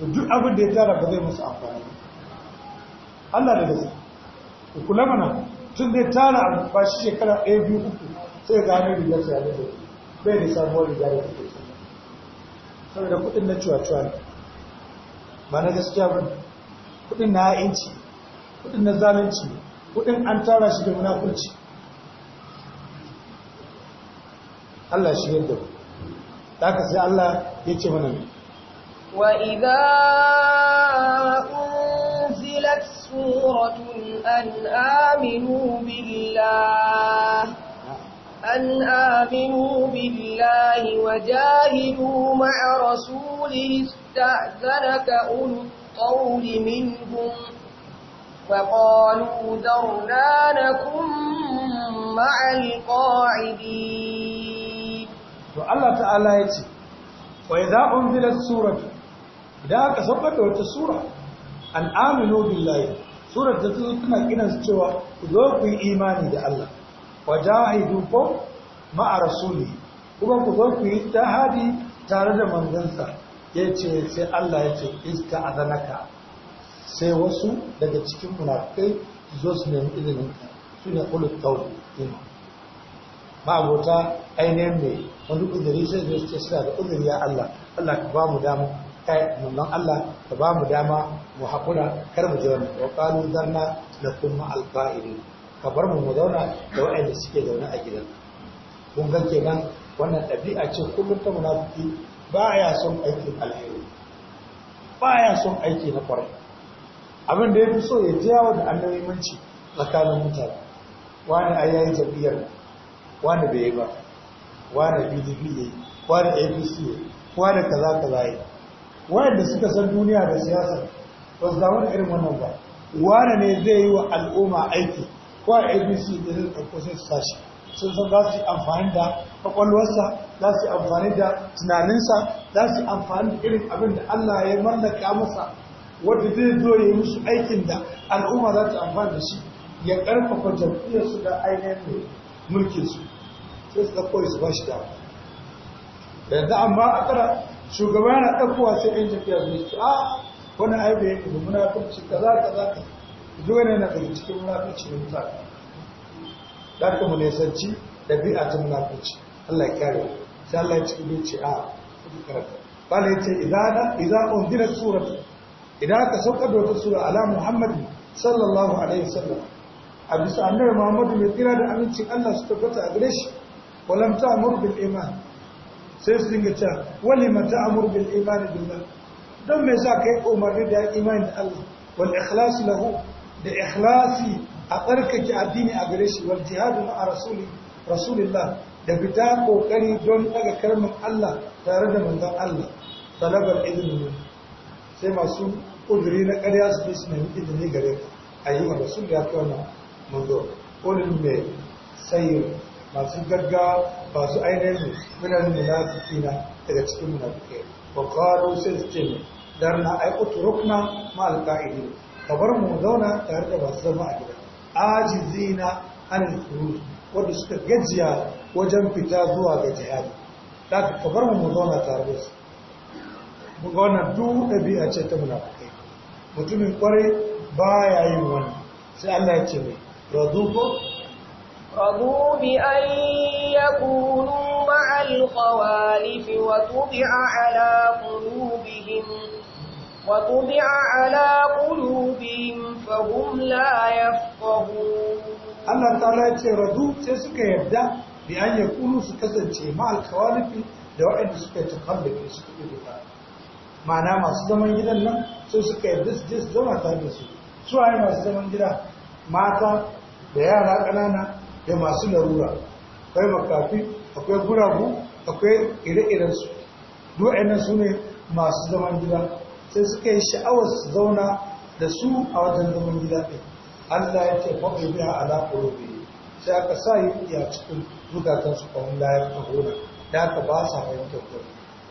to duk abin da ya tara ba zai musu amfani Allah da gaske ku kula mana tun da tara ba shi shekara ɗaya biyu uku sai ga hannun da ya zai bai da samuwar ya da suke saboda kuɗin na cuwa-cuwa ne ba na gaskiya ba kuɗin na ha'inci kuɗin na zalunci kuɗin an tara shi da munafurci Allah shi yadda ba. Da haka sai Allah ya ce mana ne. وإذا أنزلت سورة أن آمنوا بالله أن آمنوا بالله وجاهدوا مع رسوله استأذنك أولو الطول منهم فقالوا درنا لكم مع القاعدين فالله تعالى يتي وإذا أنزلت سورة Idan aka saukar da wata sura al'aminu billahi surar ta zo tana kiran cewa ku zo ku yi imani da Allah wa jahidu ko ma'a rasuli kuma ku zo ku yi tahadi tare da manzansa yace sai Allah yace azanaka, sai wasu daga cikin munafikai zo su nemi izinin ka su ne ulul tawbi ba abota ainihin ne wani uzuri sai zai ce suna da uzuri ya Allah Allah ka ba mu damu kai Allah ta ba mu dama mu haƙura kar mu zauna wa qalu zarna da kuma alfa'iri ka bar mu mu zauna da waɗanda suke zaune a gidan Mun ga kenan wannan ɗabi'a ce kullum ta munafiki ya son aikin alheri ya son aiki na kwarai abin da ya fi so ya ji da da annabimanci tsakanin mutane wani a yayi jam'iyyar wani bai yi ba wani pdp ya yi wani apc ya yi wani kaza kaza ya yi wayanda suka san duniya da siyasa ba su damu da irin wannan ba wane ne zai yi wa al'umma aiki ko a abc da zai ɗauko sai su sashi sun san za su yi amfani da kwakwalwarsa za su yi amfani da tunaninsa za su yi amfani da irin abin da allah ya mallaka masa wanda zai zo ya yi musu aikin da al'umma za ta amfani da shi ya ƙarfafa jam'iyyarsu da ainihin mulkinsu sai su ɗauko su ba shi da yanzu amma a shugaba na ɗaukowa sai ɗan tafiya su yi a wani aibe ya kuma munafurci kaza kaza ka zuwa ne na daga cikin munafurci da mutane da ka mu nesanci ɗabi'a ta munafurci Allah ya kare sai Allah ya cikin bai ce a kuma karanta bala ya ce idan unzila suratu idan aka sauka da wata sura ala muhammadin sallallahu alaihi wasallam a bisa annabi muhammadu mai kira da amincin Allah su tabbata a gare shi walamta ta'mur iman sai su dinga cewa wani mata amur bil imani billah don me sa kai umarni da imani da Allah wal ikhlasu lahu da ikhlasi a tsarkake addini a gare shi wal jihadu ma rasuli rasulillah da fita kokari don daga karmin Allah tare da manzon Allah talabar izinin sai masu kuduri na ƙarya su bi su nemi izini gare ka ayyuka rasul ya kawo manzo ko mai sayyid masu gaggawa masu ainihin minan munafikina daga cikin munafikai ce qalu sirtin darna ay utrukna ma Ka bar mu zauna tare da masu zama a gida ajizina an furuj wanda suka gajiya wajen fita zuwa ga jihadi da kabar mu zauna tare da su mun ga wannan duk ɗabi'a ce ta munafukai. mutumin kwarai ya yin wani sai Allah ya ce mai razuko رضوا بأن يكونوا مع الخوالف وطبع على قلوبهم وطبع على قلوبهم فهم لا يفقهون Allah ta'ala ya ce radu sai suka yarda bi an ya kunu su kasance ma da waɗanda suka takallafi suka yi duka ma'ana masu zaman gidan nan sai suka yarda su je su zama tare da su masu zaman gida mata da yara ƙanana da masu larura akwai makafi akwai guragu akwai ire-irensu duwa'annan su ne masu zaman gida sai suka yi sha'awar su zauna da su a wajen zaman gida ɗin allah ya ce faɗi biya ala ƙorobi sai aka sa yi iya cikin zukatansu kawun layar gona da aka ba sa fahimtar kyau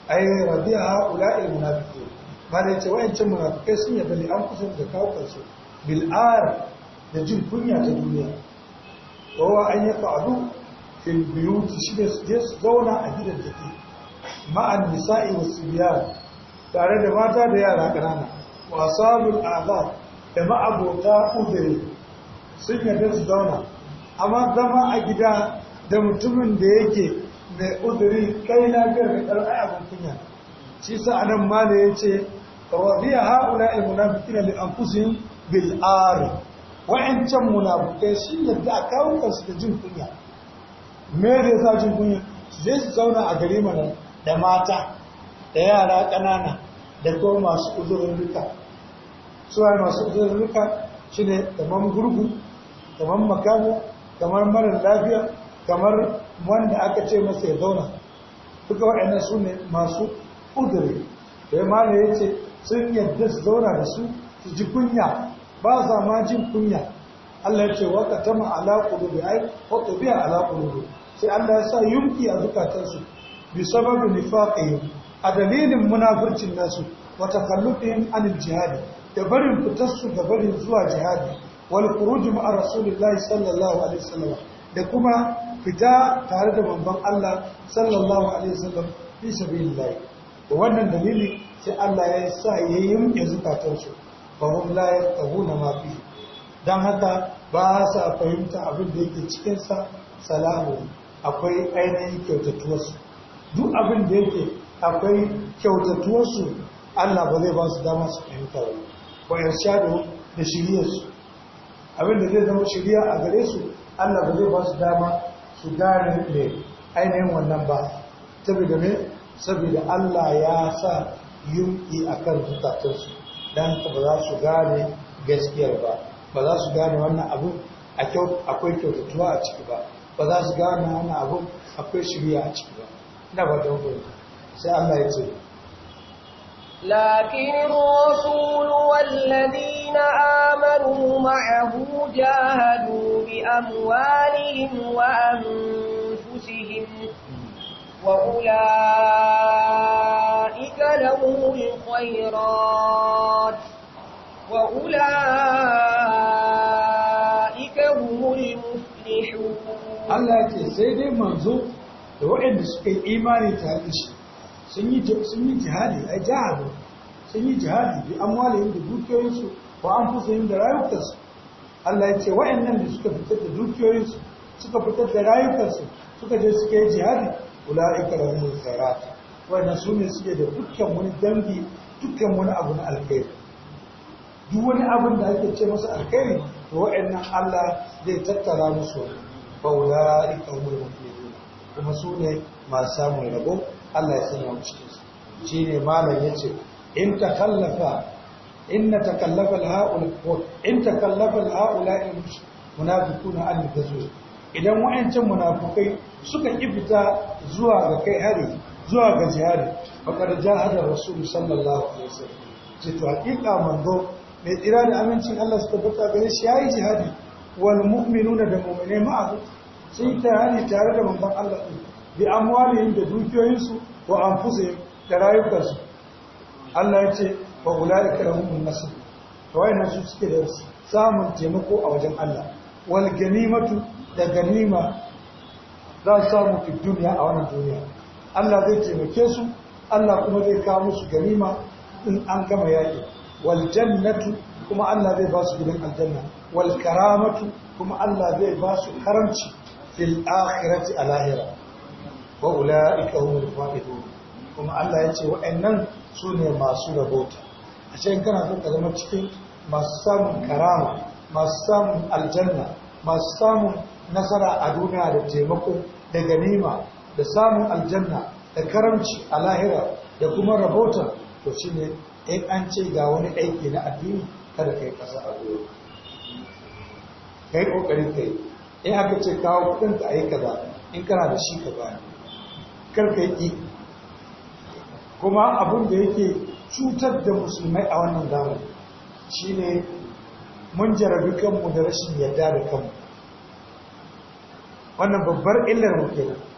ai rabia ha'ula'il munafiki ba ya ce wa'ancin munafikai sun yaba an kusa da kawo kansu bil'ar da jin kunya ta duniya kowa an yi fa'adu fil biyuti shi ne su je su zauna a gidan take ma'an nisa'i wasu biyar tare da mata da yara ƙanana wasa azab da ma'abota Uduri sun yarda su zauna amma zama a gida da mutumin da yake mai uzuri kai na lafiyar da ƙarfi abin kunya shi sa ma mala ya ce rabiya ha'ula imunafiqina li anfusihim bil ar wa'ancan munafukai sun yadda a kawo kansu da jin kunya me da yasa jin kunya zai su zauna a gari mana da mata da yara ƙanana da kuma masu uzurin rika suwaye masu uzurin rika shi ne kamar gurgu kamar makamu kamar marar lafiya kamar wanda aka ce masa ya zauna duka waɗannan su ne masu uzuri da ya ya ce sun yadda su zauna da su su ji kunya ba sa ma jin kunya Allah ya ce wa tama ala qulubi ai wa tabi'a ala qulubi sai Allah ya sa yumki a su bi sababi nifaqi a dalilin munafircin nasu wa takallufin anil jihad da barin fitar su da barin zuwa jihadi wal khuruj ma'a rasulillahi sallallahu alaihi wasallam da kuma fita tare da babban Allah sallallahu alaihi wasallam fi sabilillah wannan dalili sai Allah ya sa yayin ya zukatar su fahim la ya tsahuna ma fi don haka ba sa fahimta abin da yake cikinsa salamu akwai ainihin kyautatuwarsu duk abin da yake akwai kyautatuwarsu Allah ba zai ba su dama su fahimta ba bayan shaɗo da shiriyarsu abin da zai zama shiriya a gare su Allah ba zai ba su dama su gane ne ainihin wannan ba saboda me saboda Allah ya sa yunki akan zukatansu don haka ba za su gane gaskiyar ba ba za su gane wannan abu akwai kyautatuwa a ciki ba ba za su gane wannan abu akwai shirya a ciki ba na ba ta hukunta sai an mai ce لكن الرسول والذين آمنوا معه جاهدوا بأموالهم وأنفسهم وأولئك له الخيرات وأولئك هم المفلحون الله يتي سيدي منزو da waɗanda suka yi imani tare da shi sun yi jihadi a jihadu sun yi jihadi bi amwalihim da dukiyoyinsu ko an fusa yin da su. Allah ya ce waɗannan da suka fitar da dukiyoyinsu suka fitar da su, suka je suka yi jihadi ula'ika lahumul khairat wannan su ne suke da dukkan wani dangi dukkan wani abu na alkhairi duk wani abin da ake ce masa alkhairi to wa'annan Allah zai tattara musu fa ulaika humul muflihun kuma su ne masu samun rabo Allah ya sanya mu cikin su ne malam yace in takallafa in takallafa al-ha'ul in takallafa al-ha'ula munafiquna an tazur idan wa'ancan munafukai suka kifita zuwa ga kai hari zuwa ga jihadi faƙar jahada rasulu sallallahu alaihi wasallam ce to haƙiƙa manzo mai tsira da amincin Allah suka fita gare shi yayi jihadi wal mu'minuna da mu'mine ma'ahu sun tare tare da manzon Allah din bi amwalihim da dukiyoyinsu wa anfusihim da rayukansu Allah ya ce wa ulaika lahum nasr to wayannan su suke da samun taimako a wajen Allah wal ganimatu da ganima za su samu fi duniya a wannan duniya Allah zai taimake su Allah kuma zai kawo musu ganima in an gama yaƙi wal jannatu kuma Allah zai ba su gidan aljanna wal karamatu kuma Allah zai ba su karamci fil akhirati a lahira wa ula'ika humul fa'idun kuma Allah ya ce wa'annan su ne masu rabota a cikin kana so ka zama cikin masu samun karama masu samun aljanna masu samun nasara a duniya da taimako da ganima da samun aljanna da karamci a lahira da kuma rahoton, to shi ne, in an ce ga wani aiki na addini kada kai kasa a goyo kai kokari kai in aka ce kawo kudin ka aika kaza in kana da shi ka bani kar ka yi kuma abin da yake cutar da musulmai a wannan zamani shine mun jarabi kanmu da rashin yarda da kanmu wannan babbar illar mu kenan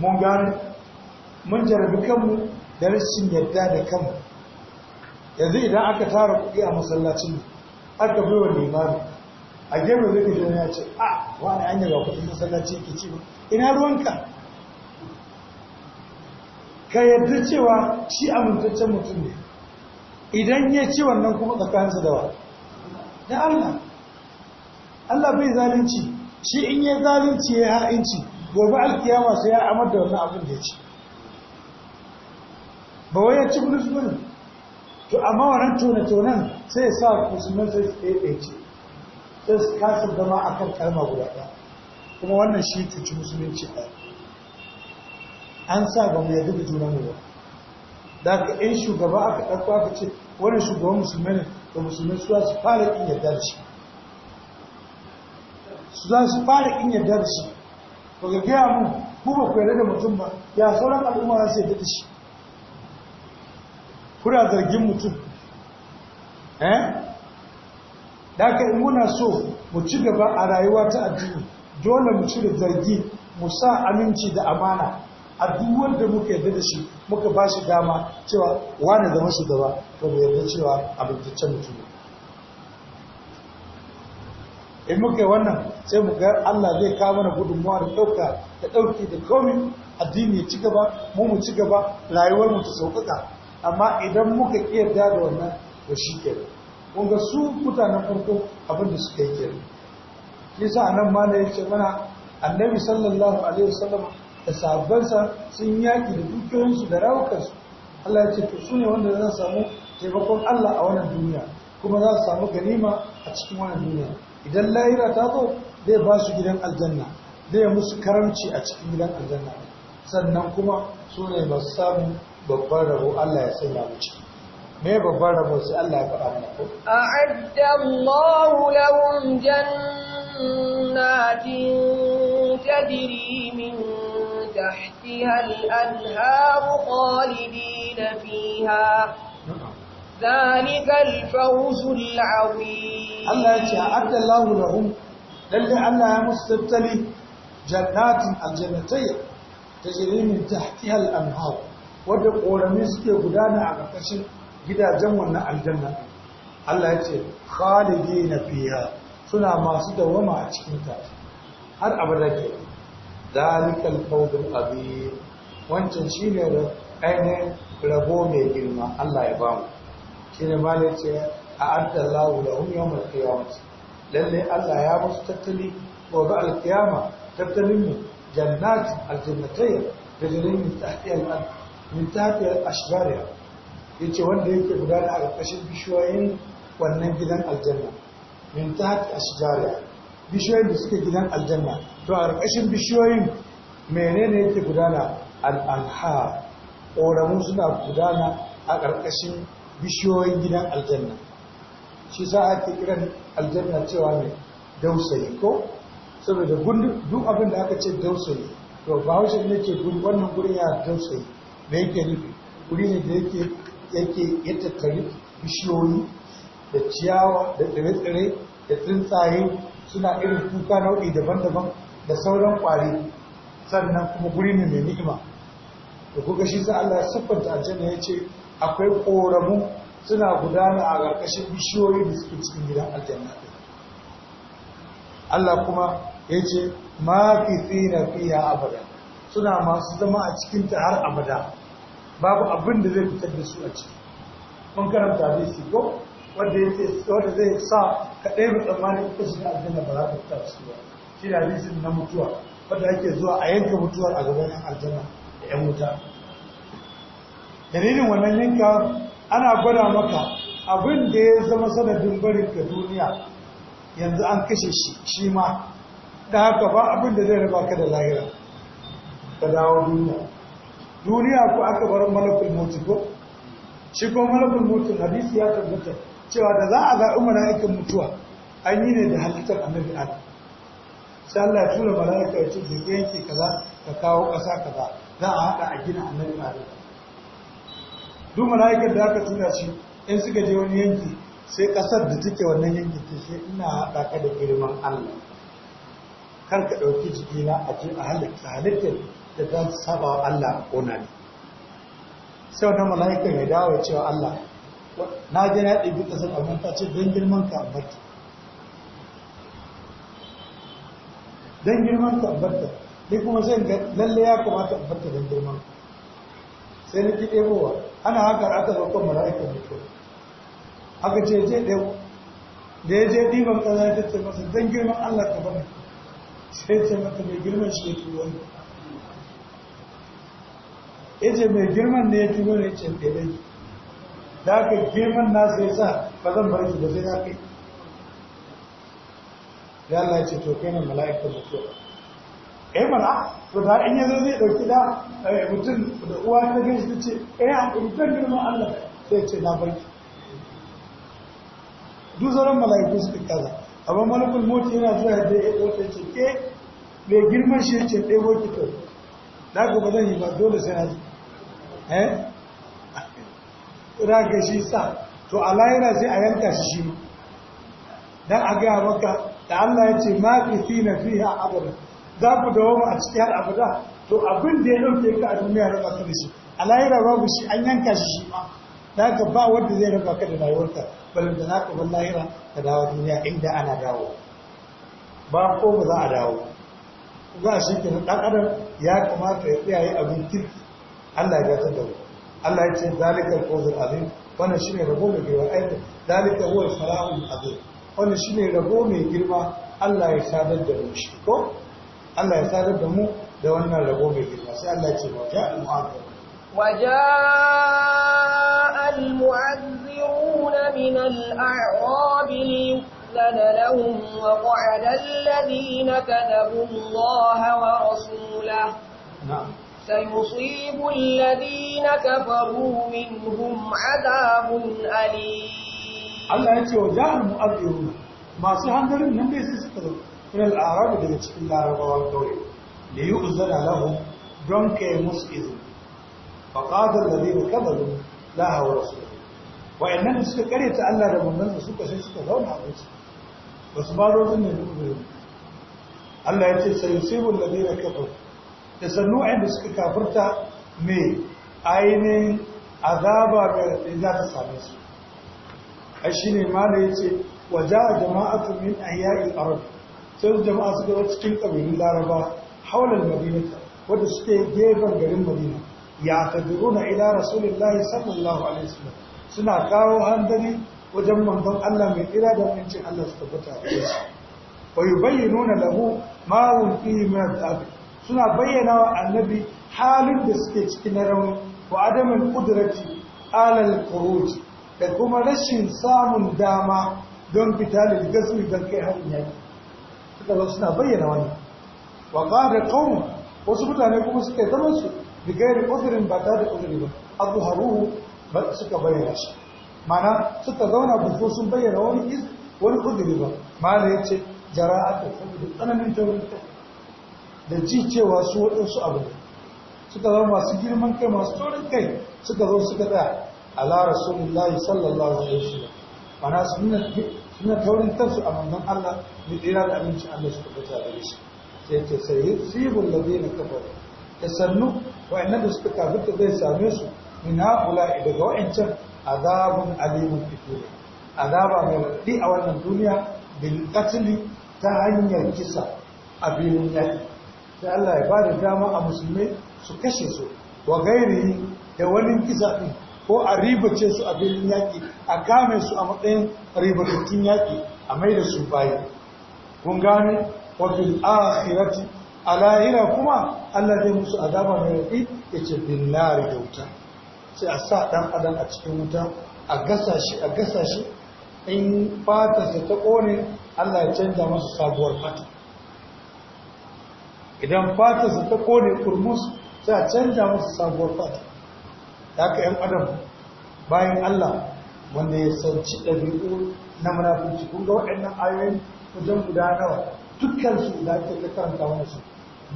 mun gane mun jarabi kanmu da rashin yadda da kanmu yanzu idan aka tara kuɗi a masallacin aka bai wa limami a gefe zai ka jana ya ce a wani an yaga kuɗi masallaci ke ci ina ruwanka ka yadda cewa shi amintaccen mutum ne idan ya ci wannan kuma tsakaninsa da wa da Allah Allah bai zalunci shi in ya zalunci ya ha'inci gobe alkiyama sai ya amar da wannan abin da ya ci ba wai ya ci bulus bane to amma wannan tona tonan sai ya sa musulman sai su ɗaya ce sai su kasa zama kan kalma guda ɗaya kuma wannan shi cuci musulunci ɗaya an sa ba mu yadda da juna mu ba da ka in shugaba aka ɗauko aka ce wani shugaban musulmai ne da musulmai su za su fara ƙin yarda da shi su za su fara ƙin yarda da shi ba ga gaya mu ku ba da mutum ba ya sauran al'umma za su yarda shi kuna zargin mutum eh da aka yi muna so mu ci gaba a rayuwa ta addini dole mu cire zargi mu sa aminci da amana a duk wanda muka yarda da shi muka ba shi dama cewa wani zama gaba, ba mu yadda cewa can mutum in muka yi wannan sai mu ga Allah zai kawo mana gudunmuwa da ɗauka da ɗauki da komi addini ya ci gaba mu mu ci gaba rayuwar mu ta sauƙaƙa amma idan muka yarda da wannan to shi ke kun ga su mutanen farko abin da suka yi kenan shi sa anan ma yace yace mana annabi sallallahu alaihi wasallam da sahabbansa sun yaki da dukiyoyinsu da rawukansu Allah ya ce to su wanda za su samu taimakon Allah a wannan duniya kuma za su samu ganima a cikin wannan duniya idan lahira ta zo zai ba su gidan aljanna zai musu karamci a cikin gidan aljanna sannan kuma su ne ba su samu babban rabo Allah ya sanya mu ciki me babban rabo sai Allah ya faɗa mana ko a'adda Allahu lahum jannatin tajri min tahtiha al-anhar khalidina fiha ذلك الفوز العظيم الله يجي أعد allah ya للي أنها jannatin جنات ta تجري من تحتها الأنهار wadda ƙorami suke gudana a ƙarƙashin gidajen wannan aljanna Allah ya ce khalidi na fiya suna masu dawama a cikinta har abada ke zalikal fawdul azim wancan shine ainihin rabo mai girma Allah ya bamu shine malai ce a addallahu lahum yawmal qiyamah lalle Allah ya musu tattali gobe alkiyama tattalin mu jannat aljannatai rajulin min tahtiha al min tahtiha ashjariha yace wanda yake guda da ƙarƙashin bishiyoyin wannan gidan aljanna min tahti ashjariha bishiyoyin da suke gidan aljanna to a ƙarƙashin bishiyoyin menene yake guda gudana al'anha ƙoramu suna gudana a ƙarƙashin bishiyoyin gidan aljanna shi sa ake kiran aljanna cewa mai dausayi ko saboda duk abin da aka ce dausayi to ba wasu ne ke wannan gurin ya dausayi da yake nufi guri ne da yake yake ya tattari bishiyoyi da ciyawa da tsire da tsuntsaye suna irin kuka nau'i daban-daban da sauran kwari sannan kuma guri ne mai ni'ima da kuka shi za Allah siffanta aljanna ya ce akwai ƙoramu suna gudana a ƙarƙashin bishiyoyi da suke cikin gidan aljanna Allah kuma ya ce ma fi tsina fiya abada suna masu zama a cikin ta har abada babu abin da zai fitar da su a ciki mun karanta hadisi ko wanda zai sa ka mu tsammanin ka shiga aljanna ba za ka fita su ba shi da na mutuwa wanda ake zuwa a yanka mutuwar a gaban aljanna da 'yan wuta dalilin wannan yanka ana gwada maka abin da ya zama sanadin barin ka duniya yanzu an kashe shi ma da haka ba abin da zai raba ka da lahira ka dawo duniya duniya ko aka bar malakul mauti ko shi ko malakul hadisi ya tabbata cewa da za a ga mala'ikan mutuwa an yi ne da halittar annabi adam sai Allah ya tura mala'ika ya ce da yanki kaza ka kawo kasa kaza za a haɗa a gina annabi adam duk aikin da aka tura shi in suka je wani yanki sai kasar da take wannan yankin ta sai ina haɗa ka da girman Allah kar ka ɗauki jikina a ce a halitta halittar da za su saba wa Allah ko na ne sai wata mala'ikar ya dawo cewa Allah na je na ɗibi ƙasar abin ta ce don girman ka abarta don girman ka abarta ni kuma zan ga lalle ya kamata abarta don girman ka sai na ki ɗebowa ana haka aka zo kan mala'ikan mutuwa aka ce je ɗebo da ya je ɗiban ƙasa ya tattace masa don girman Allah ka bane sai ce mata mai girman shi ya tuwo ne ya ce mai girman ne ya tuwo ne ce ɗebe ne da aka girman na sai sa ba zan bar ki ba sai na kai ya Allah ya ce to kai ne mala'ikan mutuwa eh mana to da in yazo zai dauki da eh, mutum da uwa ta gani ta ce eh an ne girma Allah sai ce na barki duk mala'iku su kaza amma malakul moti yana zuwa da ya dauke ce ke eh, mai girman shi ce ɗaya boki to da ga ba zan yi ba dole sai ji. eh raga shi sa to a na sai a yanka shi shi dan a gaya maka da Allah ya ce ma fi na fiha abadan za ku dawoma a ciki har abada to abin da ya ɗauke ka a duniya raba ka da shi a lahira babu shi an yanka shi shi ma za ka ba wanda zai raba ka da rayuwarka balin da za ka bar lahira ka dawo duniya inda ana dawo ba ko ba za a dawo za shi ke ɗan adam ya kamata ya yi abin kirki Allah ya ta da Allah ya ce zalikal qawlul azim wannan shine rabo mai girma aiki zalika huwa salahul azim wannan shine rabo mai girma Allah ya sadar da mu shi ko Allah ya tsarar da mu da wannan rago mai girma sai Allah ce wa ja al-mu'adhdhir wa ja al-mu'adhdhirun min al-a'rab lana lahum wa qa'ada alladhina kadabu Allah wa rasulahu na'am سيصيب الذين كفروا منهم عذاب أليم الله يتوجه المؤذرون ما سيحن درم ينبي سيستغل min al'arabu daga cikin larabawar kawai da yi uzura lahu don ka yi musu izini ba ƙadar da zai ba kabarin lahawar su wa'annan da suka kare ta Allah da manzansa suka sai suka zauna a wasu ba su ba rozin ne duk da Allah ya ce sai zai ladina kafaru da sannu a inda suka kafirta me ainihin azaba ga za ta same su ai shine ma da yace waja jama'atu min ahya'il arab sai jama'a suka zo cikin ƙabilun laraba haular madina wadda suke gefen garin madina ya na ila rasulillahi sallallahu alaihi wasallam suna kawo handari wajen manzon Allah mai kira da wancin Allah su tabbata a cikin wa yubayyinuna lahu ma hum fihi min suna bayyana wa annabi halin da suke cikin rauni wa adamin kudurati, alal khuruj da kuma rashin samun dama don fita lil gasmi don kai harin yaki suka zo suna bayyana wani wa da qaum wasu mutane kuma suka yi zaman su bi gairi ba tare da udhri ba azharuhu ba suka bayyana shi mana suka zauna bufo sun bayyana wani iz wani udhri ba mana yace jara'atu saboda tsananin taurin da ji cewa su waɗansu abu suka zama masu girman kai masu tsoron kai suka zo suka tsaya ala rasulullahi sallallahu alaihi wasallam mana su nuna suna taurin tarsu a manzon Allah da tsira da aminci Allah su kuɓuta da shi sai ce sai sibul na kafaru da sannu wa'annan da suka kafirta zai same su min ha'ula'i daga wa'ancan azabun alimun fituri azaba mai raɗi a wannan duniya bil katili ta hanyar kisa a birnin yaƙi sai Allah ya ba da dama a musulmai su kashe su wa gairi da wani kisa ɗin ko a ribace su a filin yaki a game su a matsayin ribatattun yaƙi a mai da su bayi kun gane wafil akhirati a lahira kuma Allah zai musu azaba mai raɗi ya ce lari da wuta sai a sa ɗan adam a cikin wuta a gasa shi a gasa shi in fata su ta ƙone Allah ya canza masu sabuwar fata idan su ta ƙone kurmus sai a canza masu sabuwar fata da aka ‘yan adam bayan Allah wanda ya sanci ɗabi'u na munafici kun ga waɗannan ayoyin wajen guda nawa dukkan su da ake ta karanta wani su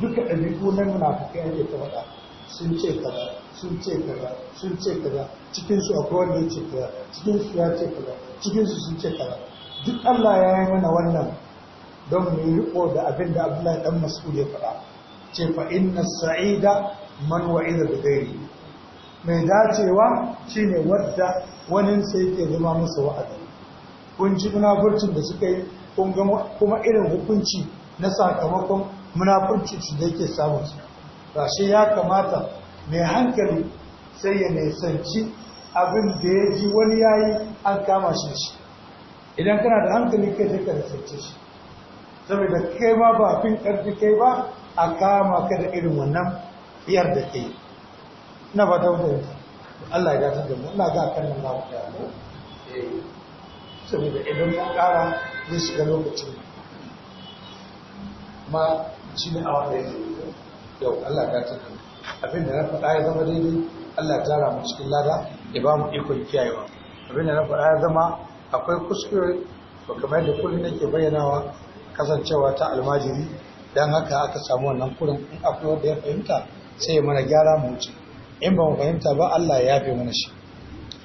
duka ɗabi'u na munafiki ake ta faɗa sun ce kaza sun ce kaza sun ce kaza cikin su akwai wanda ya ce kaza cikin su ya ce kaza cikin su sun ce kaza duk Allah ya yi mana wannan don mu yi da abin da Abdullahi dan Mas'ud ya faɗa ce fa inna sa'ida man wa'ida bi ghairi mai dacewa shine wadda wani sai yake zama musu wa'azi kun munafurcin da suka yi kuma irin hukunci na sakamakon munafurci su da yake samun su ya kamata mai hankali sai ya nesanci abin da ya ji wani yayi an kama shi shi idan kana da hankali kai ta ka nisance shi saboda kai ma ba fin ƙarfi kai ba a kama ka da irin wannan biyar da yi. na fata wuta Allah ya gata da mu Allah a kan nan zamu kai mu saboda idan mun ƙara zai shiga lokacin ma shi ne a wanda yake yau Allah ya ga ta abinda na faɗa ya zama daidai Allah ya tara mu cikin lada ya ba mu ikon kiyayewa abinda na faɗa ya zama akwai kuskure ba kamar da kullum nake bayyanawa kasancewa ta almajiri don haka aka samu wannan kurin in akwai wanda ya fahimta sai ya mana gyara mu wuce in ba mu fahimta ba Allah ya yafe mana shi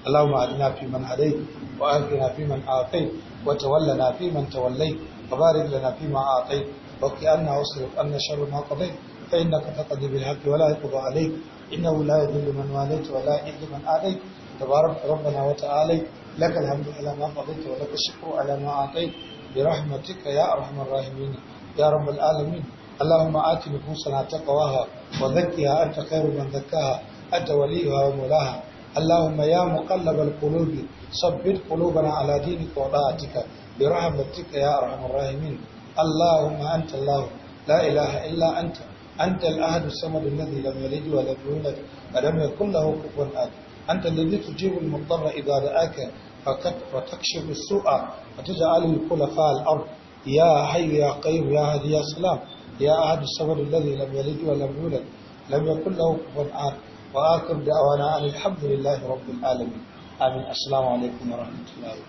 Allahumma adina fi man hadai wa afina fi man afai wa tawallana fi man tawallai wa barik lana fi ma atai wa qi anna wasrif anna sharra ma qadai fa innaka taqdi bil haqqi wa la yuqda alayk innahu la yadhillu man walayt wa la yadhillu man adayt tabarak rabbana wa ta'ala لك الحمد على ما قضيت ولك الشكر على ما أعطيت برحمتك يا أرحم الراحمين يا رب العالمين اللهم آت نفوسنا تقواها وزكها أنت خير من زكاها أنت وليها ومولاها اللهم يا مقلب القلوب ثبت قلوبنا على دينك وطاعتك برحمتك يا أرحم الراحمين اللهم أنت الله لا إله إلا أنت أنت الأحد الصمد الذي لم يلد ولم يولد ولم يكن له كفوا أحد أنت الذي تجيب المضطر إذا دعاك وتكشف السوء وتجعل الخلفاء الأرض يا حي يا قيوم يا هادي يا سلام يا أحد الصمد الذي لم يلد ولم يولد لم يكن له كفوا أحد wa akhir da'wana alhamdulillahi rabbil alamin amin assalamu alaikum wa rahmatullahi